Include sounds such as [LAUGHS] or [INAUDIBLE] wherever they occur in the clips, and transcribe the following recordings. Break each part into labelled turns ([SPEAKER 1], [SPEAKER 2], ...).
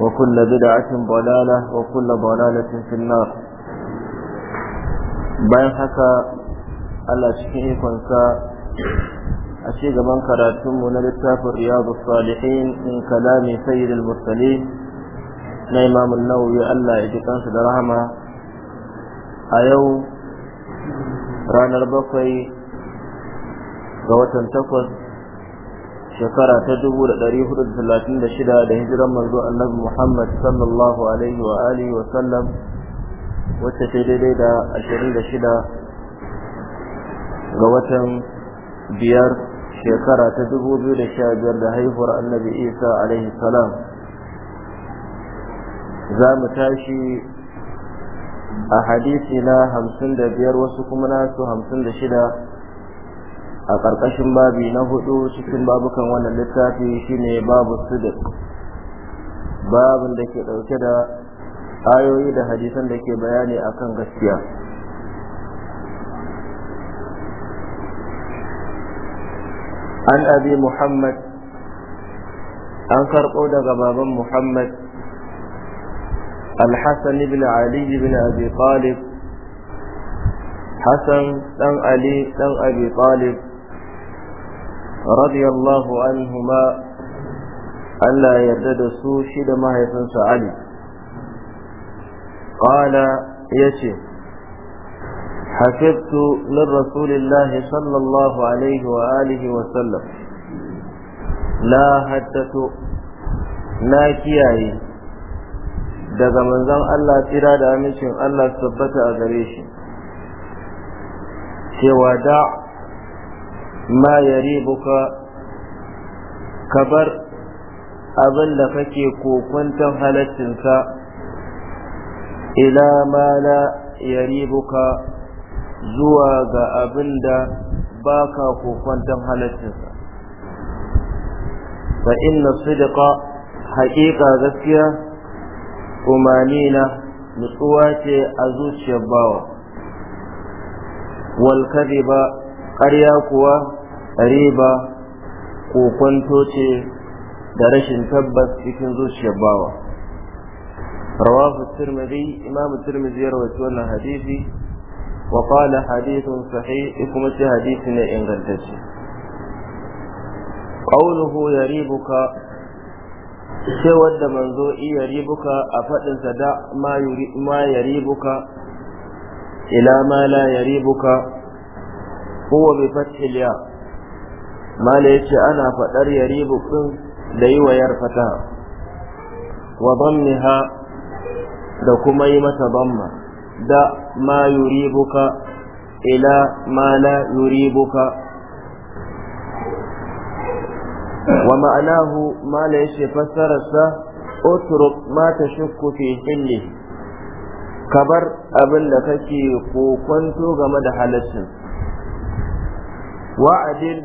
[SPEAKER 1] وكل بدعة ضلالة وكل ضلالة في النار bayan haka Allah cikin ikonsa a ci gaban karatunmu na littafin riyadu salihin in kalami sayyid Murtali. mursalin na imam nawawi Allah ya ji da rahama a yau ranar bakwai ga watan takwas shekara ta dubu da hudu da da da talatin shida hijiran manzo annabi Muhammad sallallahu alaihi wa alihi wa sallam wacce ta daidai da ashirin da shida ga watan biyar shekara ta dubu biyu da sha biyar da haihuwar annabi Isa alaihi salam za mu tashi a hadisi na hamsin da biyar wasu kuma nasu shida. a ƙarƙashin babi na hudu cikin babukan wannan littafi shine babu sidik babin da ke ɗauke da ayoyi da hadisan da ke bayani akan gaskiya an abi muhammad an karɓo daga baban muhammad الحسن بن علي بن أبي طالب حسن بن علي بن أبي طالب رضي الله عنهما ألا يردد سو شد ما يفنس علي قال يشي حفظت من رسول الله صلى الله عليه وآله وسلم لا هدت لا كياي daga manzon Allah tsira da amincin Allah tabbata a gare shi cewa da ma yaribuka ka bar abin da kake kokwantar halaccinsa ila ma la yaribuka zuwa ga abin da baka kokwantar halaccinsa fa inna sidqa haƙiƙa gaskiya umanina nutsuwa ce a zuciyar bawa wal ƙarya kuwa riba kwanto ce da rashin tabbas cikin zuciyar bawa rawahu tirmidhi imamu tirmidhi yarwa wannan hadisi wa qala hadithun sahih kuma ce hadisi ne ingantacce qawluhu yaribuka sai wanda manzo iya ribuka a faɗinsa da ma yaribuka ila ma la yaribuka huwa bi fathil ana faɗar yaribu din da yi wa yar wa da kuma yi mata bamma, da ma yuribuka ila ma la yuribuka wa ma'anahu mala yace fassararsa utruk ma tashukku fi hillihi kabar abin da kake kokonto game da halaccin Wa'adin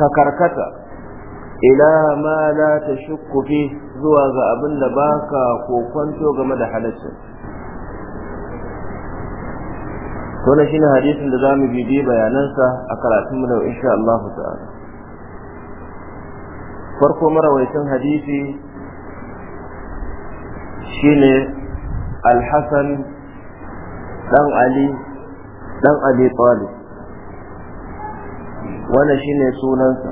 [SPEAKER 1] ka karkata ila ma la ta fi zuwa ga abin da baka kokonto game da halaccin wannan shine hadisin da zamu bibi bayanansa a karatunmu da insha Allah ta'ala farko marawaitin hadisi shine al-Hasan dan Ali dan Ali Talib wannan shine sunansa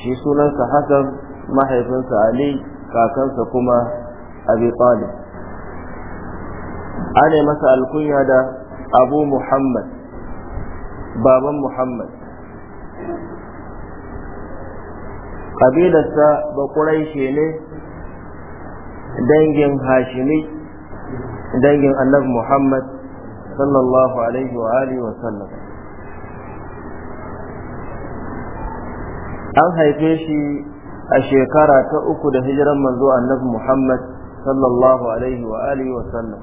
[SPEAKER 1] shi sunansa Hassan mahaifinsa Ali kakansa kuma Abi Talib ana masa alkunya da Abu Muhammad baban Muhammad kabilarsa shi ne dangin hashimi dangin annabi Muhammad sallallahu alaihi wa alihi wa sallam an haife shi a shekara ta uku da hijiran manzo annabi Muhammad sallallahu alaihi wa alihi wa sallam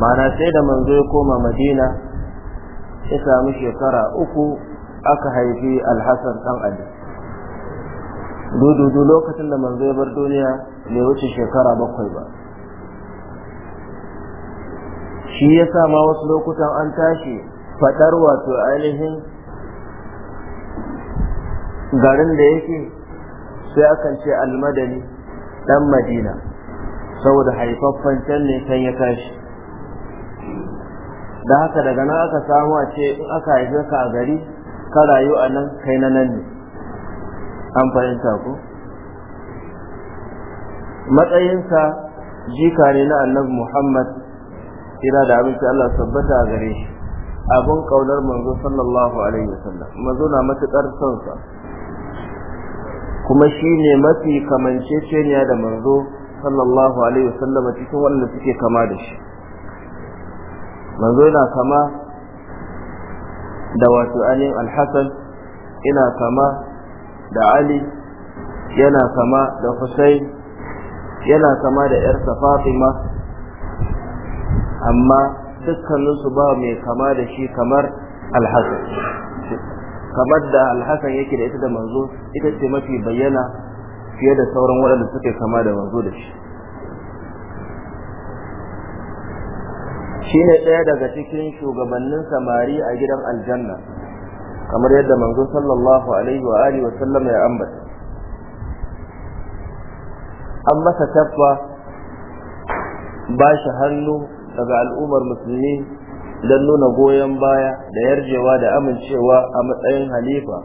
[SPEAKER 1] ma'ana sai da manzo ya koma Madina ya samu shekara uku aka haifi Al-Hasan dan Ali dududu lokacin da manzo ya bar duniya bai wuce shekara bakwai ba shi ya sa ma wasu lokutan an tashi fadar wato ainihin garin da yake sai akan ce almadani dan madina saboda haifaffen can ne can ya tashi da haka daga nan aka samu a ce in aka haife ka a gari ka rayu a nan kai na nan ne an fahimta ko matsayinsa jika ne na annabi muhammad kira da abinci allah sabbata a gare shi abin kaunar manzo sallallahu alaihi wasallam manzo na matuƙar son sa kuma shi ne mafi kamanceceniya da manzo sallallahu alaihi wasallam cikin wanda suke kama da shi manzo yana kama da wato ainihin alhassan yana kama da ali yana kama da husain yana kama da yarsa fatima amma dukkaninsu ba mai kama da shi kamar alhassan kamar da alhassan yake da ita da manzo ita ce mafi bayyana fiye da sauran waɗanda suke kama da manzo da shi shine ɗaya daga cikin shugabannin samari a gidan aljanna kamar yadda manzo sallallahu alaihi wa alihi wa sallam ya ambata an masa tabba ba shi hannu daga al'ummar musulmi don nuna goyon baya da yarjewa da amincewa a matsayin halifa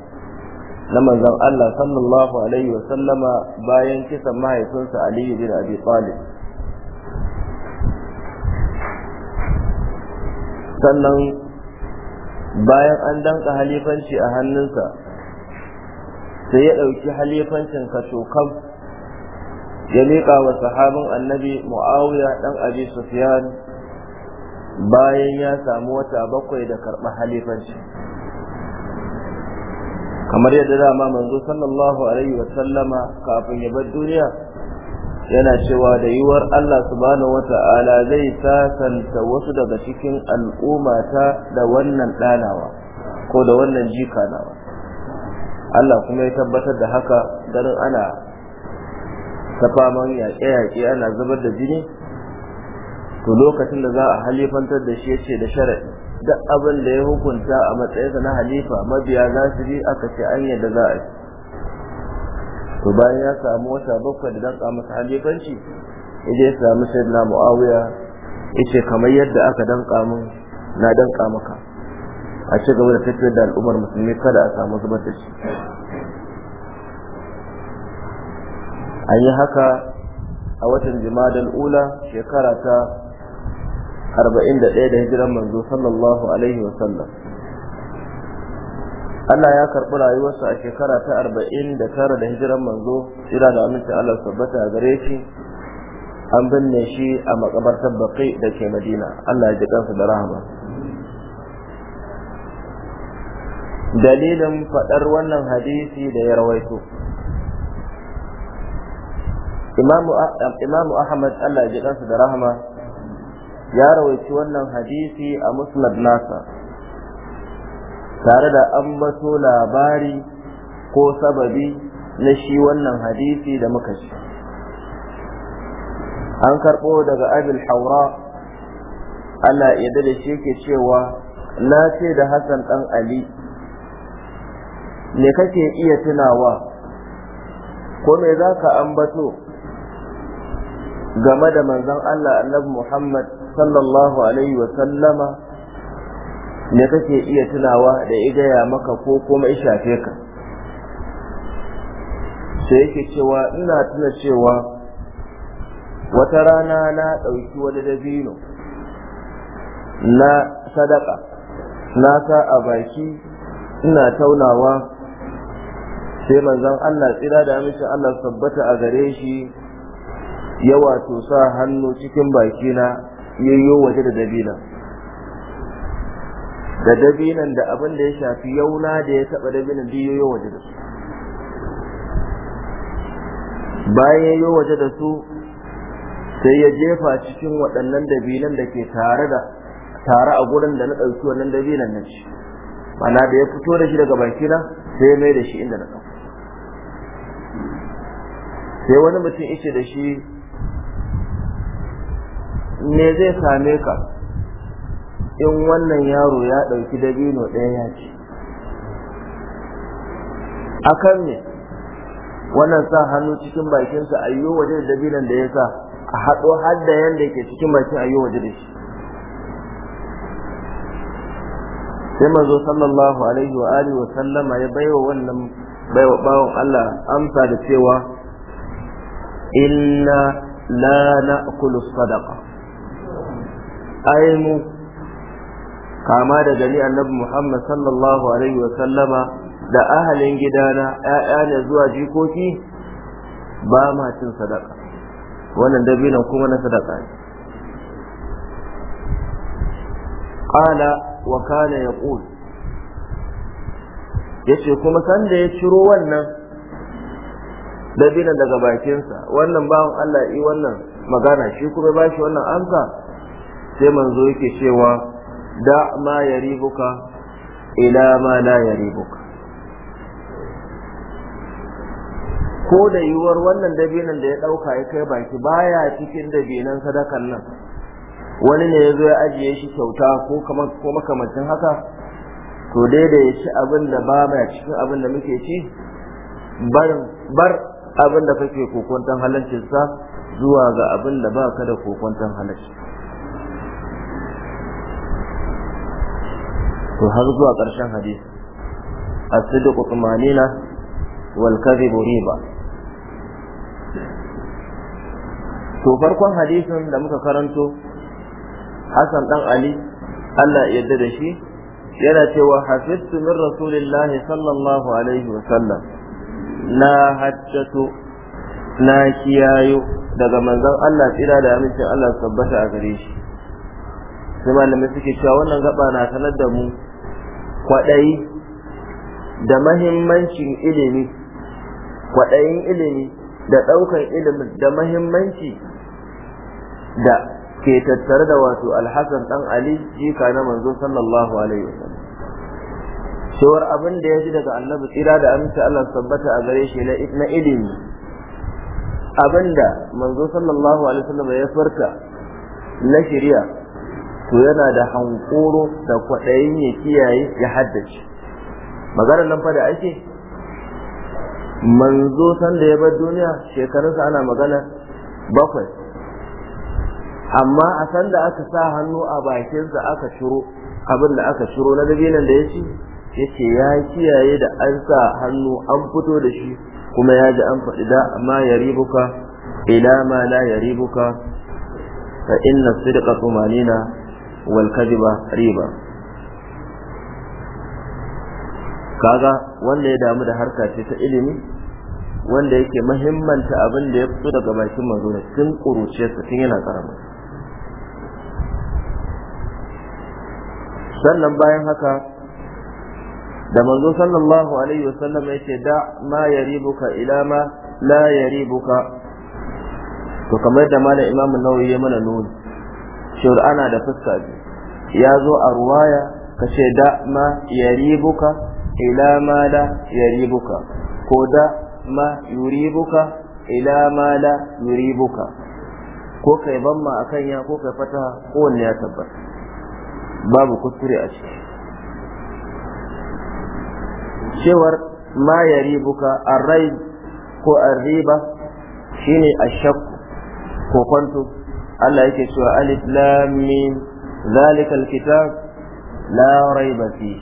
[SPEAKER 1] na manzon Allah sallallahu alaihi wa sallama bayan kisan mahaifinsa Aliyu bin Abi Talib sannan bayan an danka halifanci a hannunsa sai ya ɗauki halifancin kacokam ya miƙa wa sahabin annabi mu'awiya ɗan abi sufyan bayan ya samu wata bakwai da karɓar halifanci kamar yadda dama manzo sallallahu alaihi wa sallama kafin ya bar duniya yana cewa da yiwuwar Allah subhanahu wa ta'ala zai sasanta wasu daga cikin al'umma ta da wannan ɗanawa ko da wannan jika nawa Allah kuma ya tabbatar da haka garin ana ta faman yaƙe-yaƙe ana zubar da jini to lokacin da za a halifantar da shi yace da sharadi duk abin da ya hukunta a matsayinsa na halifa mabiya za su bi aka ce an yadda za a to bayan ya samu wata bakwai da danka masa halifanci yaje ya samu na muawiya yace kamar yadda aka danka min na danka maka a ci gaba da tafiyar da al'ummar musulmi kada a samu zubar da shi an yi haka a watan jima'a ula shekara ta arba'in da ɗaya da hijiran manzo sallallahu alaihi wa sallam Allah ya karɓi rayuwarsa a shekara ta arba'in da tara da hijiran manzo jira da aminci Allah tabbata a gare shi an binne shi a makabartar baƙi da ke madina Allah ya ji kansa da rahama dalilin faɗar wannan hadisi da ya rawaito imamu ahmad Allah ya ji kansa da rahama ya rawaici wannan hadisi a musnad nasa tare da ambato labari ko sababi na shi wannan hadisi da muka ci an karɓo daga abil haura ana yadda da shi yake cewa na ce da hassan ɗan ali me kake iya tunawa ko me za ka ambato game da manzon Allah annabi Muhammad sallallahu alaihi wa sallama ne kake iya tunawa da ya gaya maka ko kuma ya shafe ka sai yake cewa ina tuna cewa wata rana na ɗauki wani dabino na sadaka na sa a baki ina taunawa sai manzon Allah tsira da amincin Allah sabbata a gare shi ya wato sa hannu cikin bakina yayyo waje da dabinan da dabinan da abin da ya shafi yauna da ya taba dabinan da yayyo waje da su bayan yayyo waje da su sai ya jefa cikin waɗannan dabinan da ke tare da tare a gurin da na ɗauki wannan dabinan nan shi mana da ya fito da shi daga bakina sai ya mai da shi inda na ɗauka sai wani mutum yake da shi me zai same ka in wannan yaro ya ɗauki dabino ɗaya ya ce akan ne wannan sa hannu cikin bakinsa ayyo waje da dabinan da ya sa a haɗo har da yanda ke cikin bakin ayyo waje da shi sai manzo sallallahu alaihi wa alihi wa sallama ya baiwa wannan baiwa bawon Allah amsa da cewa inna la na'kulu sadaqa ai mu kama da gani annabi Muhammad sallallahu alaihi wa sallama da ahalin gidana ƴaƴa ne zuwa jikoki ba ma cin sadaka wannan dabinan kuma na sadaka ne qala wa kana yaqul yace kuma sanda ya ciro wannan dabinan daga bakinsa wannan bawan Allah yi wannan magana shi kuma ba shi wannan amsa sai manzo yake cewa da ma yaribuka ila ma la yaribuka ko da yiwuwar wannan dabinan da ya dauka ya kai baki baya cikin dabinan sadakan nan wani ne ya zo ya ajiye shi kyauta ko kamar makamancin haka to daidai ya ci abin da ba mai cikin abin da muke ci bar abin da kake kokonton halaccinsa zuwa ga abin da ba ka da kokonton halaccinsa to har zuwa ƙarshen hadisi as-sidqu tumanina wal kadhibu riba to farkon hadisin da muka karanto Hassan dan Ali Allah ya yarda da shi yana cewa hafiztu min rasulillah, sallallahu alaihi wa sallam na haccatu, na kiyayo daga manzon Allah tsira da amincin Allah tabbata a gare shi sai malamai suke cewa wannan gaba na sanar da mu kwaɗayi da mahimmancin ilimi kwaɗayin ilimi da ɗaukar ilimi da mahimmanci da ke tattare da wato alhassan ɗan ali jika na manzo sallallahu alaihi wasallam cewar abin da ya ji daga annabi tsira da amince Allah sabbata a gare shi na ilimi abin da manzo sallallahu alaihi wasallam ya farka na shirya to yana da hankoro da kwaɗayin ya kiyaye ya haddace maganar nan fa da ake manzo san ya bar duniya shekarunsa ana magana bakwai amma a san aka sa hannu a bakinsa aka shiro abin da aka shiro na dabinan da ya ci ce ya kiyaye da an sa hannu an fito da shi kuma ya ji an faɗi da amma ya ribuka ila ma la ya ribuka fa inna sidqa tumanina wal kadhiba riba kaga wanda ya damu da harka ce ta ilimi wanda yake mahimmanta abin da ya fito daga bakin manzo ne tun kuruciyarsa tun yana karama sannan bayan haka da manzo sallallahu alaihi wasallam yace da ma yaribuka ila ma la yaribuka to kamar da malam imamu nawawi ya mana nuni cewar da fuska biyu ya zo a ruwaya ka ce da ma yaribuka ila ma la yaribuka ko da ma yuribuka ila ma la yuribuka ko kai bamma akan ya ko kai fata ko wanne ya tabbata babu kuskure a ciki cewar ma yaribuka rai ko arriba shine shakku ko kwanto Allah yake cewa alif lam mim zalikal الكتاب لا ريب فيه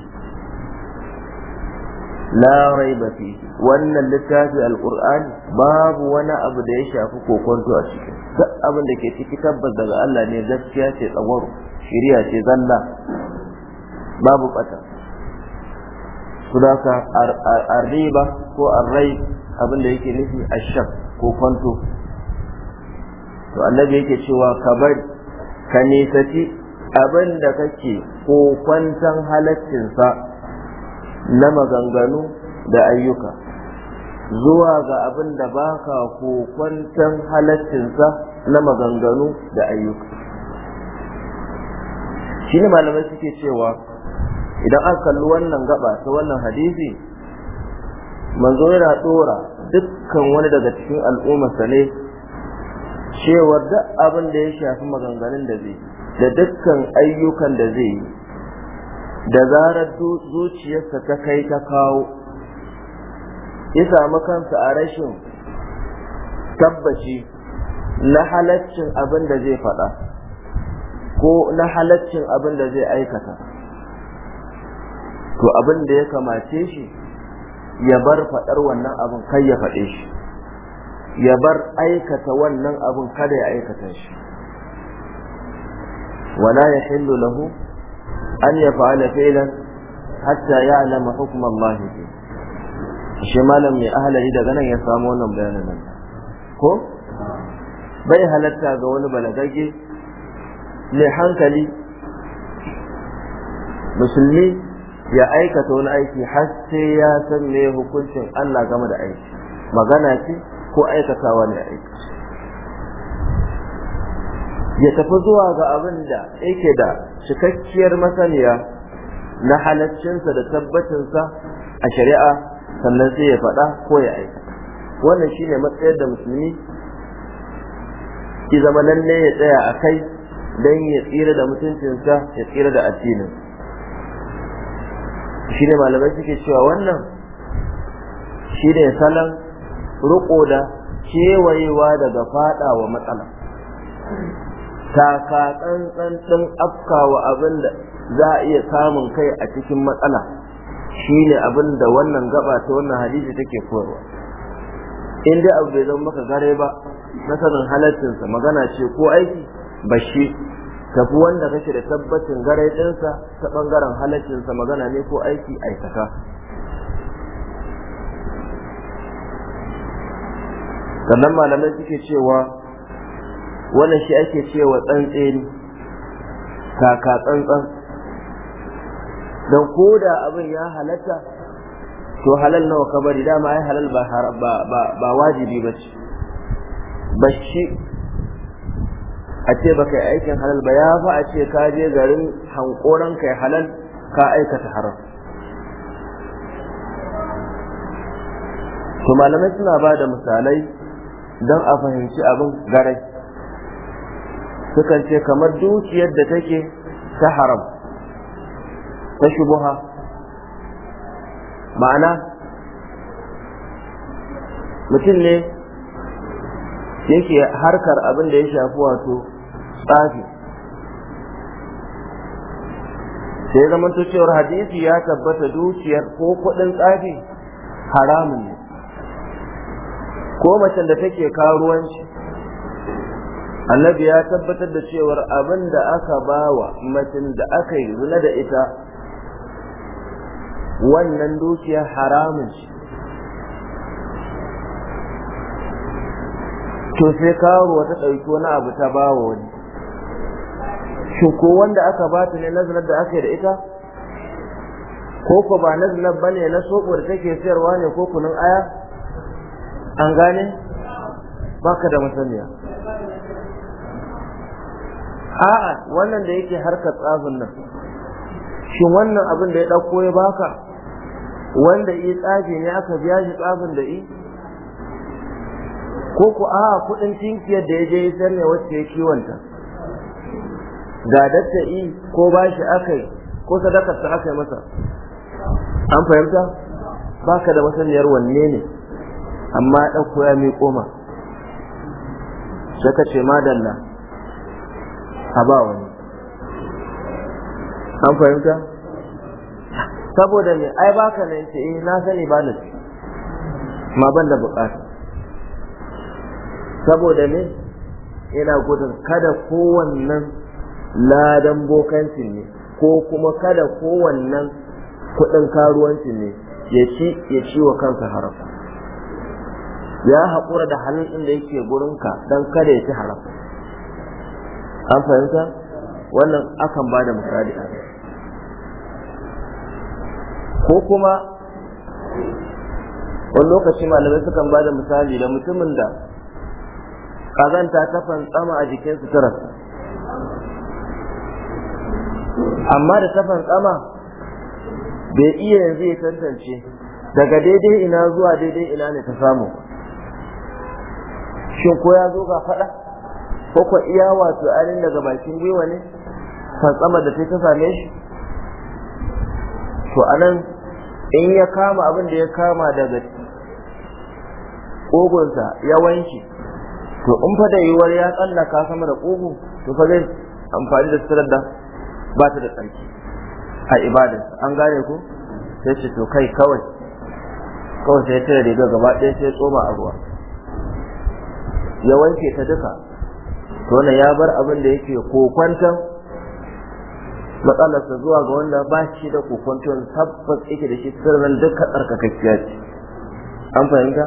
[SPEAKER 1] لا ريب فيه وأن اللتافي القرآن باب وانا أبدا يشافك وكنت أشكي abin da ke tabbas daga Allah ne gaskiya ce tsawaro shiriya ce zalla babu bata sudaka arriba ko arrai abin da yake nufi ashak ko kwanto to annabi yake cewa ka bari ka nisaci abin da kake ko kwantan halaccinsa na maganganu da ayyuka zuwa ga abin da baka ko kwantan halaccinsa na maganganu da ayyuka shi ne malamai suke cewa idan aka kalli wannan gaba ta wannan hadisi manzo yana tsora dukkan wani daga cikin al'ummarsa ne cewar duk abin da ya shafi maganganun da zai da dukkan ayyukan da zai yi da zarar zuciyarsa ta kai ta kawo ya samu kansa a rashin tabbaci na halaccin abin da zai faɗa ko na halaccin abin da zai aikata to abin da ya kamace shi ya bar faɗar wannan abin kai ya faɗe shi ya bar aikata wannan abin kada ya aikata shi ولا يحل له أن يفعل فعلا حتى يعلم حكم الله فيه شمالا من أهل إذا غنى يسامون بيانا ko bai halarta ga wani balagage mai hankali musulmi ya aikata wani aiki har sai ya san me hukuncin Allah gama da aiki magana ce ko aikatawa ne aiki ya tafi zuwa ga abin da yake da cikakkiyar masaniya na halaccinsa da tabbacinsa a shari'a sannan sai ya faɗa ko ya aika wannan ne matsayar da musulmi ki zama lalle ya tsaya a kai don ya tsira da mutuncinsa ya tsira da addinin shi ne malamai suke cewa wannan shi ne salon riƙo da kewayewa daga faɗawa wa matsala taka tsantsan ɗin afkawa abin da za a iya samun kai a cikin matsala shine abin da wannan gaba ta wannan hadisi take koyarwa in abu bai zama maka gare ba na sanin halaccinsa magana ce ko aiki bashi tafi wanda kake da tabbacin gare ɗinsa ta ɓangaren halaccinsa magana ne ko aiki aikata sannan malamai suke cewa wannan shi ake cewa tsantseni kaka tsantsan don ko da abin ya halatta to halal nawa ka bari dama ai halal ba wajibi ba ce bashi a ce baka aikin halal ba ya fa a ce ka je garin hankoran kai halal ka aikata haram to malamai suna ba da misalai don a fahimci abin garai sukan ce kamar dukiyar da take ta haram ta shubuha ma'ana mutum ne yake harkar abin da ya shafi wato tsafi sai zama cewar hadisi ya tabbata dukiyar ko kuɗin tsafi haramun ne ko macen da take karuwanci annabi ya tabbatar da cewar abin da aka bawa macin da aka yi zuna da ita wannan dukiya haramun shi to sai kawo wata ɗauki wani abu ta bawa wani shi ko wanda aka ba ta ne nazarar da aka yi da ita ko ko ba nazarar ba ne na soɓo da take sayarwa ne ko kunun aya an gane
[SPEAKER 2] baka da masaniya
[SPEAKER 1] a'a wannan da yake harkar tsafin nan shin wannan abin da ya ɗauko ya baka wanda iya tsafi ne aka biya shi tsafin da i ko ku a kuɗin tinkiyar da ya je isar ne wacce ya kiwonta ga dadda i ko bashi aka yi ko sadakarsa aka yi masa an fahimta baka da masaniyar wanne ne amma ɗauko ya miƙo ma sai ka ce madalla a ba wani an fahimta saboda ne ai baka ne ce eh na sani ba ni ma ban da bukata saboda ne ina gudun kada kowannan ladan bokancin ne ko kuma kada kowannan kudin karuwancin ne ya ci ya ci wa kansa haram ya haƙura da halin inda yake gurinka don kada ya ci haram an fahimta wannan akan ba da misali ko kuma wani lokaci malamai sukan ba da misali da mutumin da kazanta ta tsama a jikin suturarsa amma da ta tsama bai iya yanzu ya tantance daga daidai ina zuwa daidai ina ne ta samu shin ko ya zo ga faɗa ko ko iya wato arin daga bakin gwiwa ne fatsama da ta ta same shi to anan in ya kama abin da ya kama daga kogonsa ya wanke to in fa da yiwuwar ya tsallaka sama da ƙugu to fa zai amfani da sitirar da ba ta da tsarki a ibada, an gane ko sai ce to kai kawai kawai sai ta riga gaba ɗaya sai tsoma a ruwa ya wanke ta duka to wannan ya bar abin da yake kokwantan matsalarsa zuwa ga wanda ba shi da kokwantan tabbas yake da shi sirrin duka tsarkakakkiya ce an fahimta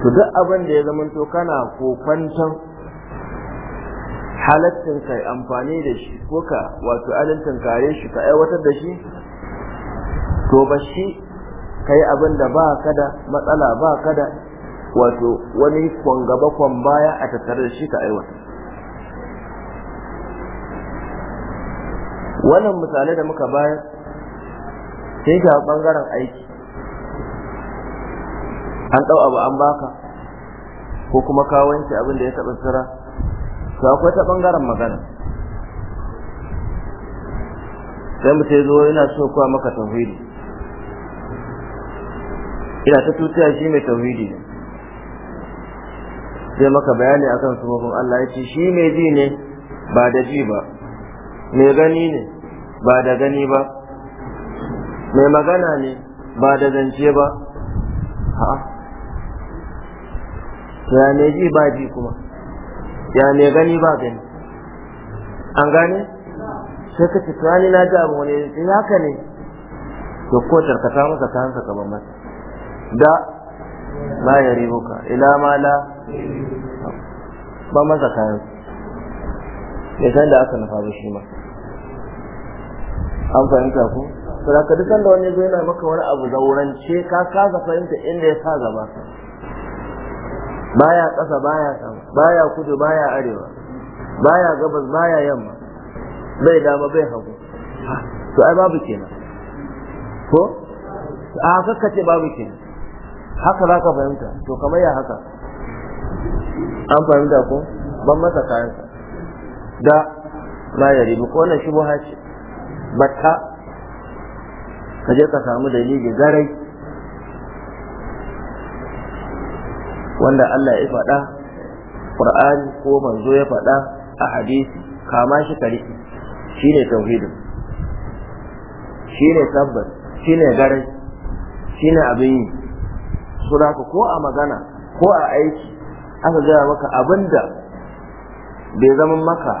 [SPEAKER 1] to duk abin da ya zama to kana kokwantan halattin kai amfani da shi ko ka wato alintin kare shi ka aiwatar da shi to ba shi ka yi abin da ba ka da matsala ba ka da wato wani kwan gaba kwan baya a tattare da shi ka aiwata wannan misalai da muka bayar sai ga bangaren aiki an ɗau abu an baka ko kuma kawanci abin da ya taɓa sira to akwai ta bangaren magana sai mu zuwa yana so kuwa maka tauhidi ina ta tutiya shi mai tauhidi ne zai maka bayani akan sufofin Allah ya ce shi mai ji ne ba da ji ba mai gani ne ba da gani ba mai magana ne ba da zance ba ha ya mai ji ba ji kuma ya mai gani ba gani an gane sai ka cikin wani na ji abu wani ya eh, haka ne to ko tarkata masa ka hanka ka ban masa da ba ya ribuka ila ma la ba masa kayan Ya san da aka nufa ba shi ma an fahimta ko to da duk da wani zai yana maka wani abu zaurance ka kasa fahimta inda ya sa gaba baya ƙasa baya sama baya kudu baya arewa baya gabas baya yamma bai dama bai hagu to ai babu kenan ko a kakkace babu kenan haka za ka fahimta to kamar ya haka an fahimta ko ban masa kayansa da la ya ribu ko wannan buha ce batta ka je ka samu dalili garai wanda Allah ya faɗa Qur'ani ko manzo ya faɗa a hadisi kama shi kare ne tauhidin shine tabbas ne garai shi ne abin yi su ko a magana ko a aiki aka gaya maka abinda bai zama maka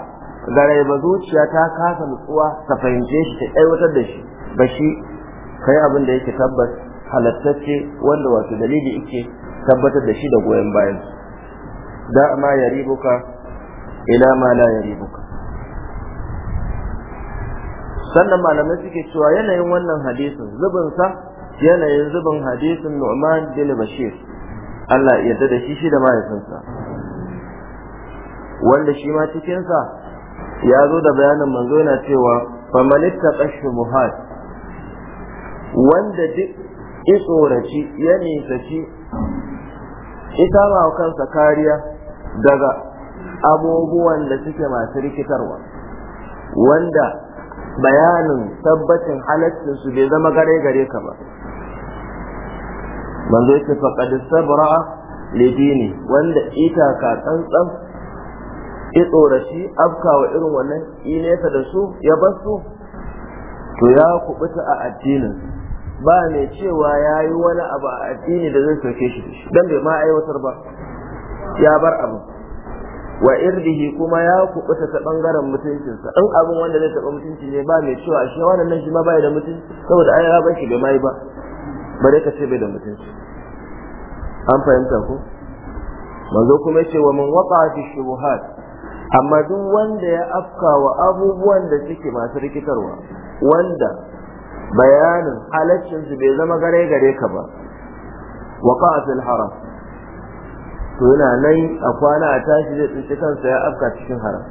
[SPEAKER 1] garai ba zuciya ta kasa nutsuwa ka fahimce shi ta aiwatar da shi ba shi ka yi abin da yake tabbas halattacce wanda wato dalili yake tabbatar da shi da goyon bayan da ma ya ribuka ila ma la ya ribuka sannan malamai suke cewa yanayin wannan hadisin zubinsa yanayin zubin hadisin nu'man bin bashir Allah ya yarda da shi shi da mahaifinsa wanda shi ma cikinsa ya zo da bayanin manzo yana cewa famalitta ƙashin muhad wanda duk ya tsoraci ya nisaci ita ma kansa kariya daga abubuwan da suke masu rikitarwa wanda bayanin tabbacin halaccin su bai zama gare gare ka ba manzo yace faqad sabra dini wanda ita ka tsantsan ya tsorashi afkawa irin wannan inesa da su ya bar su to ya kubuta a addinin ba mai cewa ya yi wani abu a addini da zai sauke shi dan bai ma aiwatar ba ya bar abu wa irdihi kuma ya kubuta ta bangaren mutuncinsa in abin wanda zai taba mutunci ne ba mai cewa shi wannan nan shi ma bai da mutunci saboda ai ya bar shi bai mai ba bare ka ce bai da mutunci an fahimta ko manzo kuma yace wa man waqa fi shubuhat amma duk wanda ya afka wa abubuwan da suke masu rikitarwa wanda bayanin halaccin su bai zama gare gare ka ba waqa fil haram to yana nan a kwana a tashi zai tsinci kansa ya afka cikin haram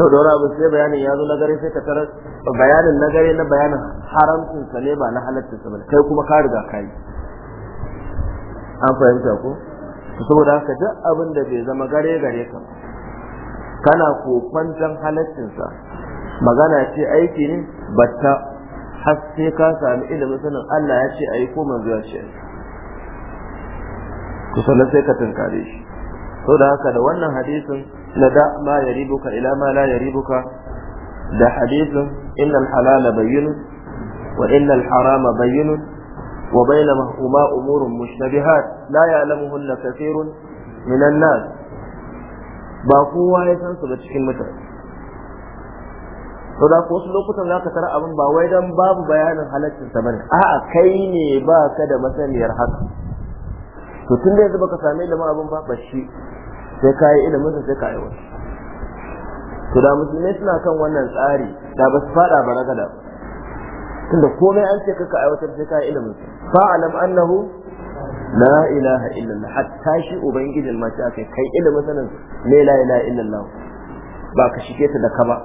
[SPEAKER 1] sau da wani abu sai bayanin ya zo na gare sai ka tarar bayanin na gare na bayanin haramcin sa ne ba na halatta sa bane kai kuma ka riga ka yi an fahimta ko saboda haka duk abin da bai zama gare gare ka kana kokwanton halaccin sa magana ce aiki ne batta har sai ka sami ilimin sanin Allah ya ce ayi ko manzo ya ce ayi kusa sai ka tunkare shi saboda haka da wannan hadisin na da ma ya ribuka ila ma la ribuka da hadisin innal halala bayyinun wa innal harama bayyinun wa bainahuma umurun mushtabihat la ya'lamuhunna kathirun minan nas ba kowa ya san su ga cikin mutane to da ko wasu lokutan za ka tara abin ba wai dan babu bayanin halaccinsa bane a'a kai ne ba ka da masaniyar haka to tun da yanzu baka same da abin ba ba shi sai ka yi ilimin sai ka yi wani to da musulmai suna kan wannan tsari da ba su fada ba ragada tunda komai an ce kaka aiwatar sai ka yi ilimin fa'alam annahu la ilaha illallah hatta shi ubangijin ma sai aka kai ilimin sanin ne la ilaha illallah ba ka shige ta da ka ba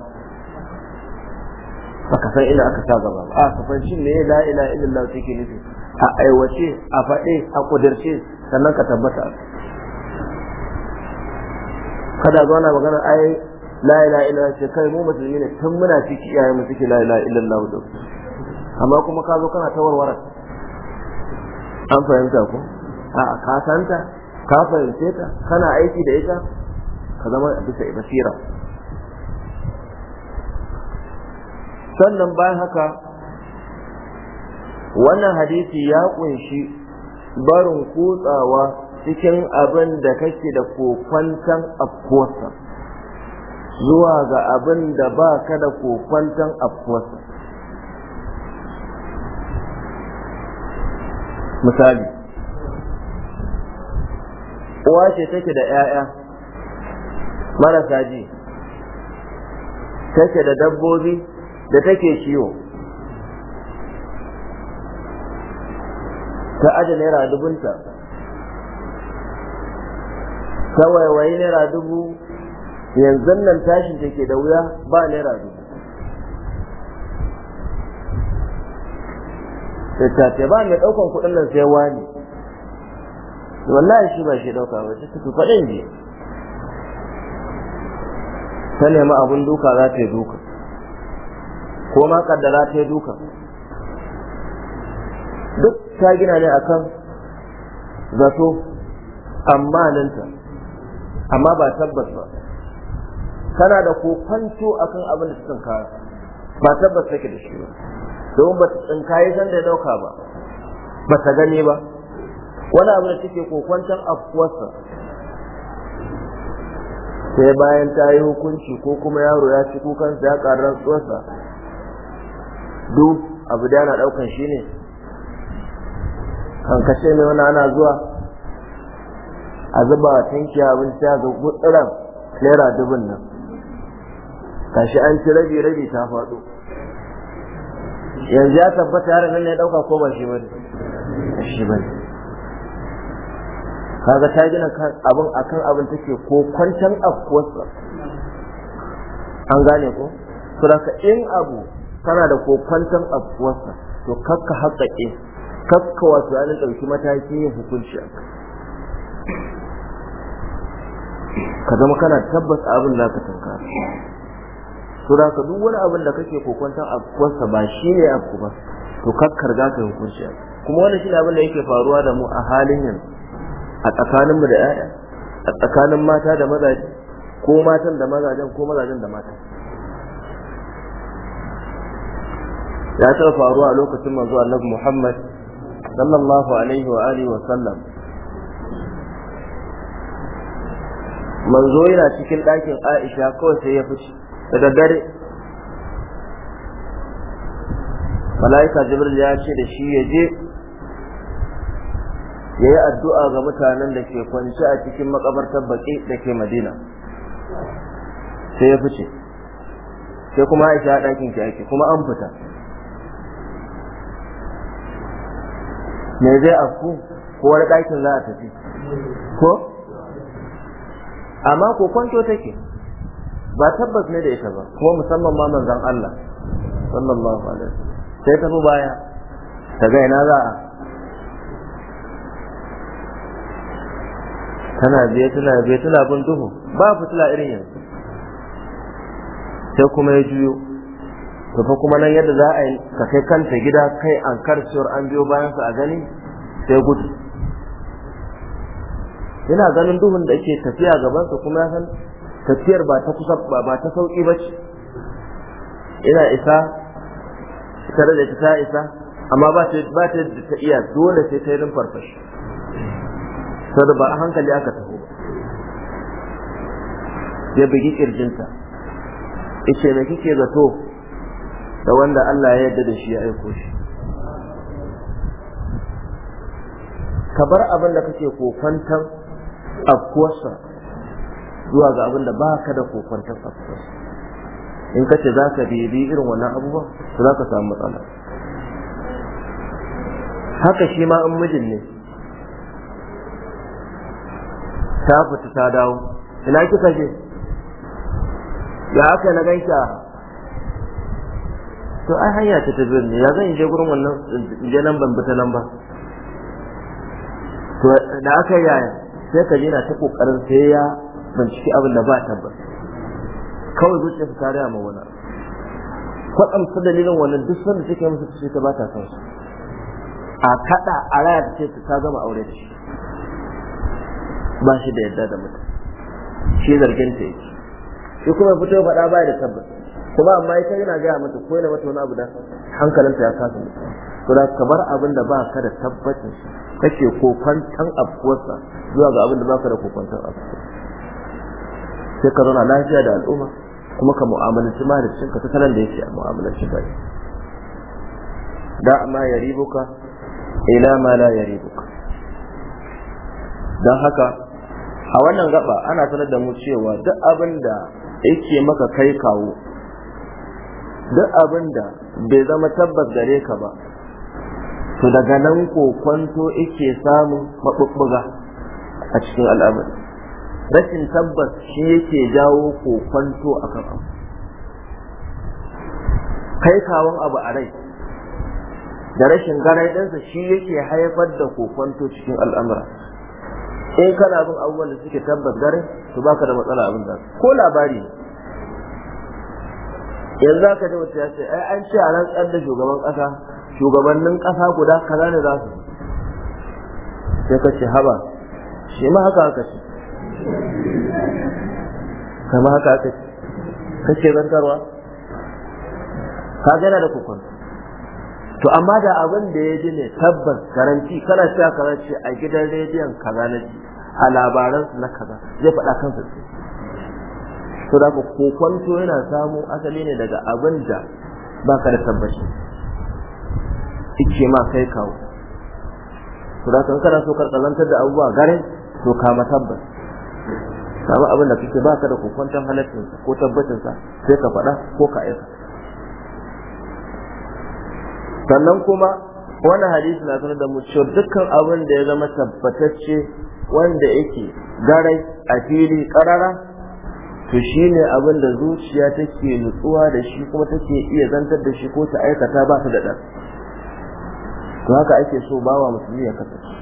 [SPEAKER 1] ba ka san ina aka sa gaba ba a kafan shi ne la ilaha illallah take nufi a aiwace a faɗe a kudirce sannan ka tabbata kada zo na magana ai la ilaha illallah ce kai mu musulmi ne tun muna ciki iyaye mu suke la ilaha illallah da amma kuma ka zo kana tawarwara an fahimta ko a ka santa ka fahimce ta kana aiki da ita ka zama bisa basira sannan bayan haka wannan hadisi ya kunshi barin kutsawa cikin abin da kake da kokwantan afkosa zuwa ga abin da ba ka da kokwantan afkosa misali uwa ce take da 'ya'ya marasa ji take da dabbobi da take ciwo ta aji naira dubunta ta waiwayi naira dubu yanzu nan tashin take da wuya ba naira dubu ta ba mai ɗaukan kuɗin nan sai wani wallahi shi ba shi ɗauka ba ta tafi faɗin ne ta nemi abin duka za ta yi duka ko ma kaddara ta yi duka duk ta gina ne akan zato amma nan ta. amma ba tabbas ba kana da kokwanto akan abin da tsinka ba tabbas take da shi ba domin ba ta tsinka yi san da dauka ba ba ta gane ba wani abu da take kokwanton afkuwarsa sai bayan ta yi hukunci ko kuma yaro ya ci kukansa ya ƙarar rantsuwarsa duk abu da yana ɗaukan shi ne kan kashe mai wani ana zuwa a zuba tanki abin ta ga gutsuran naira dubun nan kashi an ci rabi rabi ta faɗo yanzu ya tabbata yaran nan ya ɗauka ko ba shi ba shi ba kaga ta gina abin akan abin take ko kwantan afkuwarsa an gane ko saboda in abu kana da ko kwantan afkuwarsa to kakka haƙaƙe kakka wato an ɗauki mataki yin hukunci a ka zama kana tabbas abin da ka tanka to da ka duk wani abin da kake kokwantan afkuwarsa ba shi ne abu ba to kakkar za ka hukunci kuma wannan shi ne abin da yake faruwa da mu a halin yanzu a tsakanin mu da 'ya'ya a tsakanin mata da mazaje ko matan da mazajen ko mazajen da mata ya taɓa faruwa a lokacin manzo annabi Muhammad sallallahu alaihi wa alihi wa sallam manzo yana cikin ɗakin aisha kawai sai ya fice Daga dare, malaika jibril ya ce da shi ya je ya yi addu'a ga mutanen da ke kwanci a cikin makabartar baƙi da ke madina sai ya fice sai kuma aisha ɗakin ki ake kuma an fita me zai afku ko wani ɗakin za a tafi ko amma ko kwanto take ba tabbas ne da ita ba kuma musamman ma manzon Allah sallallahu alaihi wasallam sai ta baya ta ga ina za a tana biye tana biye tana bin duhu ba fitila irin yanzu sai kuma ya juyo to fa kuma nan yadda za a yi ka kai kanta gida kai an karciyar an biyo bayan su a gani sai gudu Ina ganin duhun da ke tafiya gabansa kuma san tafiyar ba ta kusa ba ta sauki ba ce ina isa tare da ta isa amma ba ta ba ta ta iya dole sai ta yi rumfar saboda ba a hankali aka taho ya bugi kirjinta ice me kike zato da wanda Allah ya yarda da shi ya aiko shi ka bar abin da kake kokwantar afkuwarsa zuwa ga abin da ba ka da kokwantar afkuwarsa in ka ce za ka bibi irin wannan abubuwa su za ka samu matsala haka shi ma in mijin ne ta fita ta dawo ina kika je ya aka na gaita to ai hanya ta tafi ne ya zan je gurin wannan je nan ban bi ta nan ba to da aka yaya sai ka je ta kokarin sai ya binciki abin da ba tabbas kawai zuciya ta tare ma wani da dalilin wannan duk sanda take musu ce ta ba ta san su a kaɗa a raya ta ce ta gama aure shi ba shi da yadda da mutum shi zargin ta yake shi kuma fito faɗa ba da tabbas kuma amma ita yana gaya mata ko yana mata wani abu da hankalinta ya kasa mutum sura kamar abin da ba ka da tabbacin kake kokwantan afkuwarsa zuwa ga abin da ba ka da kokwantan afkuwarsa sai ka zauna lafiya da al'umma kuma ka mu'amalanci mahalicin ka ta salon da yake mu'amalanci ba. da amma ya ribuka ila ma la ya ribuka don haka a wannan gaba ana sanar da mu cewa duk abin da yake maka kai kawo duk abin da bai zama tabbas gare ka ba to daga nan kwanto ike samun maɓuɓɓuga a cikin al'amari rashin tabbas shi yake jawo kwanto a kan abu kai kawon abu a rai da rashin garai ɗansa shi yake haifar da kwanto cikin al'amura in kana bin abubuwan da suke tabbas garai to baka da matsala abin da ko labari yanzu ka ji wata ya ce ai an ce a rantsar da shugaban ƙasa shugabannin ƙasa guda kaza ne za su sai ka ce haba shi ma haka aka ce kama haka aka ce kace zantarwa ka gana da kukun to amma da abin da ya ji ne tabbas karanci kana cewa karanci a gidan rediyon kaza na ji a labaransu na kaza zai faɗa kansa ce to da ku kokonto yana samu asali ne daga abin da baka da tabbaci Ike ma kai kawo to da kan kana so ka tsalantar da abubuwa gare to ka ma tabbas samu abin da kake baka da kokwanton halaccin ko tabbacin sa sai ka faɗa ko ka aika sannan kuma wani hadisi na sanar da mu cewa dukkan abin da ya zama tabbatacce wanda yake garai a fili karara to shi ne abin da zuciya take nutsuwa da shi kuma take iya zantar da shi ko ta aikata ba su da ɗan to haka ake so bawa musulmi ya kasance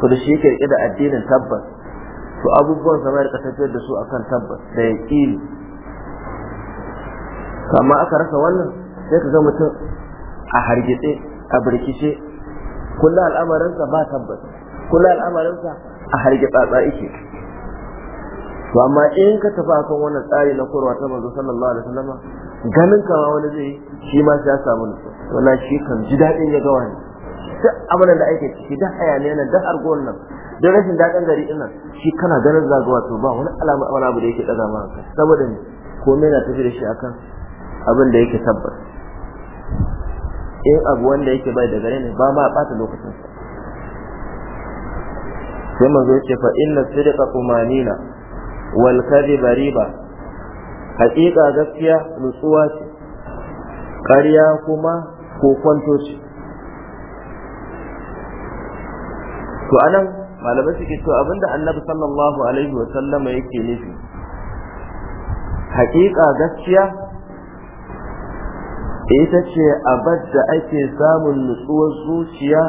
[SPEAKER 1] to da shi yake rike da addinin tabbas to abubuwan zama da kasance da su akan tabbas da ya ƙili amma aka rasa wannan sai ka ga mutum a hargitse a birkice kullum al'amarinsa ba tabbas kullum al'amarinsa a hargitsatsa yake to amma in ka tafi akan wannan tsari na kurwa ta manzo sallallahu alaihi wasallam ganin kama wani zai shi ma sai ya samu nufa wannan shi kan ji daɗin ya gawa ne duk abin da ake ciki da hayaniya nan da argon nan da rashin daɗin gari ina shi kana ganin zagawa to ba wani alama wani abu da yake ɗaga ma saboda ne komai na tafi da shi akan abin da yake tabbas in abu wanda yake bai da gare ne ba ma ɓata lokacin sa sai manzo ya ce fa inna sidqa tumanina wal kadhiba riba haƙiƙa gaskiya nutsuwa ce ƙarya kuma kokwanto ce to anan malamai suke to abinda annabi sallallahu alaihi wa sallama yake nufi haƙiƙa gaskiya ita ce abad da ake samun nutsuwar zuciya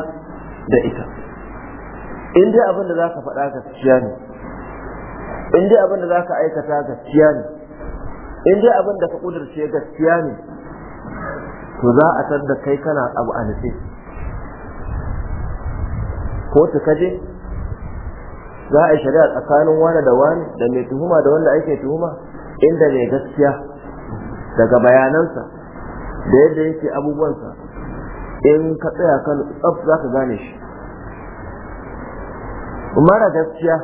[SPEAKER 1] da ita in dai abin da za ka faɗa gaskiya ne in dai abin da za ka aikata gaskiya ne in dai abin da ka kudurce gaskiya ne to za a tar da kai kana abu a nufi ta kaje za a yi shari'a tsakanin wani da wani da mai tuhuma da wanda ake tuhuma inda mai gaskiya daga bayanansa da yadda yake abubuwansa in ka tsaya kan tsaf za ka gane shi mara gaskiya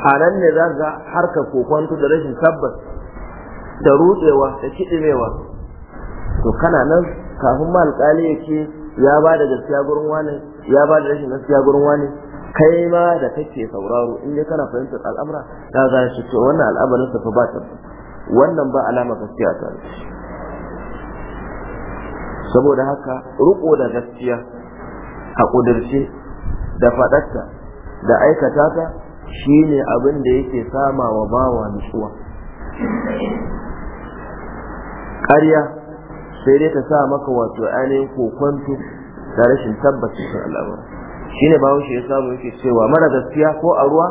[SPEAKER 1] a nan ne za ga harkar kokonto da rashin tabbas da rudewa da kiɗimewa to kana nan kafin ma alƙali ya ce ya ba da gaskiya gurin wani ya ba da rashin gaskiya gurin wani kai ma da kake sauraro in dai kana fahimtar al'amura za shi to wannan al'amarin sa fa ba ta wannan ba alama gaskiya ta saboda haka ruko da gaskiya a kudirce da faɗarta da aikata ta shine abin da yake sama wa bawa nutsuwa ƙarya sai dai ta sa maka wato ainihin kokonto da rashin cikin al'amur shi ne bawon shi ya samu yake cewa mara gaskiya ko a ruwa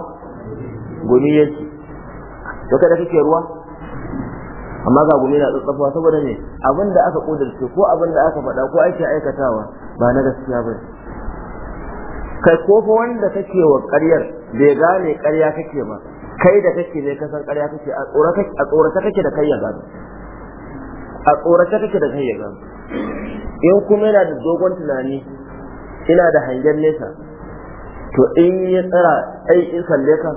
[SPEAKER 1] gumi yake to kada kake ruwa amma ga gumi na tsatsafa saboda ne abin da aka kudurce ko abin da aka faɗa ko ake aikatawa ba na gaskiya ba kai ko fa wanda kake wa ƙaryar bai gane ƙarya kake ba kai da kake ne kasan ƙarya kake a tsorata kake da kai ya gano a tsorace kake da kai ya in kuma yana da dogon tunani ina da hangen nesa to in ya tsara ai in salle ka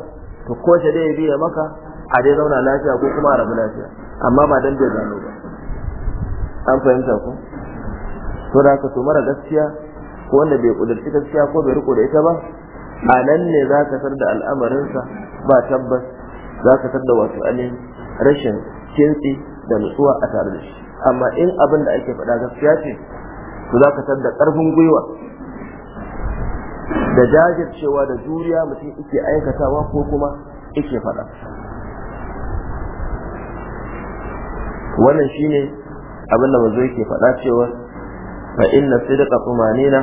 [SPEAKER 1] to ko shi dai biya maka a dai zauna lafiya ko kuma a rabu lafiya amma ba dan da gano ba an fahimta ko to da ka to mara gaskiya ko wanda bai kudurci gaskiya ko bai riko da ita ba a nan ne za ka tar da al'amarinsa ba tabbas za ka tar da wasu alin rashin kintsi da nutsuwa a tare da shi amma in abin da ake faɗa gaskiya ce to za ka san da ƙarfin gwiwa da jajircewa da juriya mutum yake aikatawa ko kuma yake faɗa wannan shine abin da mazo yake faɗa cewa fa inna sidqa tumanina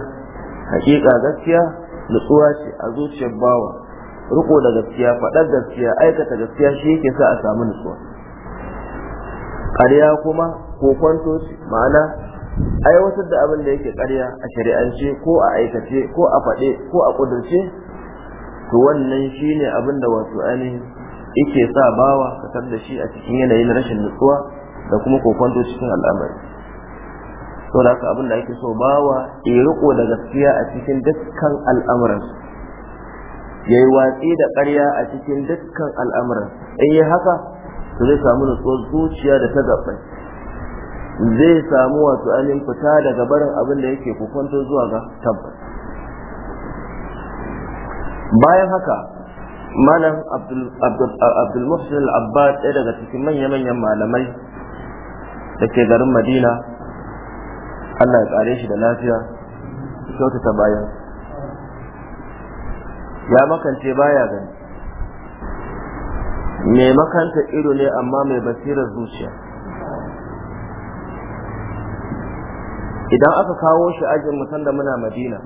[SPEAKER 1] Hakika gaskiya nutsuwa ce a zuciyar bawa riko da gaskiya faɗar gaskiya aikata gaskiya shi yake sa a samu nutsuwa ƙarya kuma kwanto ma'ana aiwatar da abin da yake ƙarya a shari'ance ko a aikace ko a faɗe ko a ƙudurce to wannan shi ne abin da wato ainihin yake sa bawa kasar da shi a cikin yanayin rashin nutsuwa da kuma kokonto cikin al'amari da haka abin da ake so bawa ya riko da gaskiya a cikin dukkan al'amuran, ya yi watsi da ƙarya a cikin dukkan al'amuran in yi haka to zai samu nutsuwar zuciya da ta gabai zai samu wasu ainihin fita daga barin abin da yake kukwanto zuwa ga tabbas bayan haka malam abdul muhsin ɗaya daga cikin manya-manyan malamai da ke garin madina allah ya tsare shi da lafiya kyautata bayan ya makance baya gani mai makanta ido ne amma mai basirar zuciya idan aka kawo shi ajin mutan da muna madina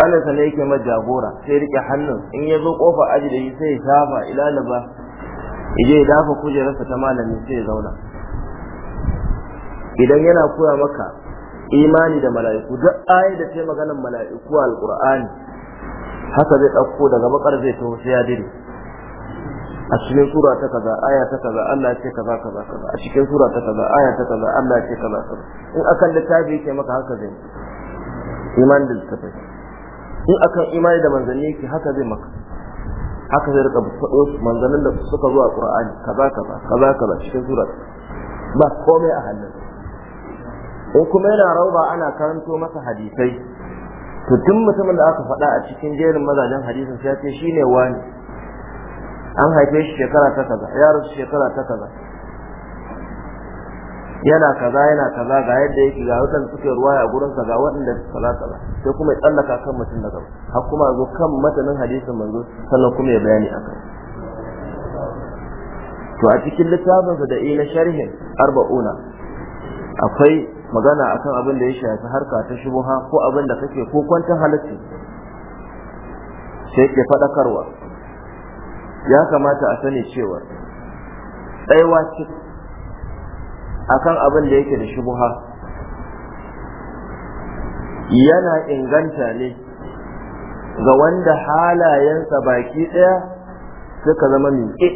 [SPEAKER 1] kaninsa ne yake ma jagora sai rike hannun in ya zo kofa aji da yi sai ya shafa ilalaba ije ya dafa kujerarsa ta malami sai ya zauna idan yana koya maka imani da mala'iku duk ayi da sai maganar mala'iku a alqur'ani haka zai ɗauko daga bakar zai taho sai ya dire a cikin sura ta kaza aya ta kaza Allah ya ce kaza kaza kaza a cikin sura ta kaza aya ta kaza Allah ya ce kaza kaza in akan littafi yake maka haka zai iman da littafi in akan imani da manzanni yake haka zai maka haka zai rika faɗo manzannin da suka zo a Qur'ani kaza kaza kaza kaza cikin sura ba komai a hannun in kuma yana rauba ana karanto masa hadisai to duk mutumin da aka faɗa a cikin jerin mazajen hadisin sai ya ce shine wani an haife shi shekara ta kaza ya rasu shekara ta kaza yana kaza yana kaza ga yadda yake ga wutan suke ruwa a gurin sa ga waɗanda kaza kaza sai kuma ya tsallaka kan mutum daga har kuma zo kan matanin hadisin manzo sannan kuma ya bayani akan to a cikin littafinsa da ina sharhin arba'una akwai magana akan abin da ya shafi harka ta shubuha ko abin da kake ko kwantar halitta sai ke faɗakarwa ya kamata a sani cewa tsaiwa ce akan abin da yake da shubuha yana inganta ne ga wanda halayensa baki ɗaya suka zama miƙe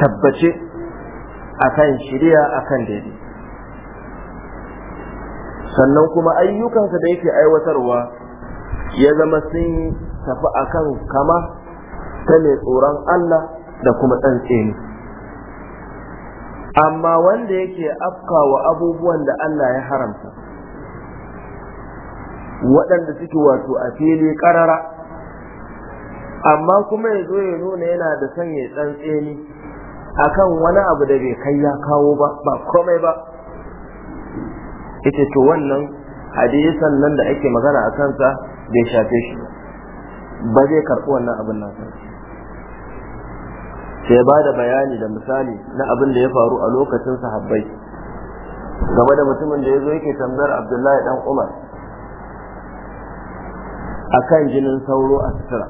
[SPEAKER 1] tabbace akan shirya akan daidai sannan kuma ayyukansa da yake aiwatarwa ya zama sun tafi akan kama ta mai tsoron Allah da kuma tseni. amma wanda yake afkawa abubuwan da Allah ya haramta waɗanda suke wato a fili ƙarara amma kuma ya zo ya nuna yana da son ya tseni, akan wani abu da bai kai ya kawo ba ba komai ba ita to wannan hadisan nan da ake magana a kansa bai shafe shi ba zai karɓi wannan abin nasarar. sai ba da bayani da misali na abin da ya faru a lokacin sahabbai game da mutumin da ya zo yake tambayar abdullahi dan umar a kan jinin sauro a sutura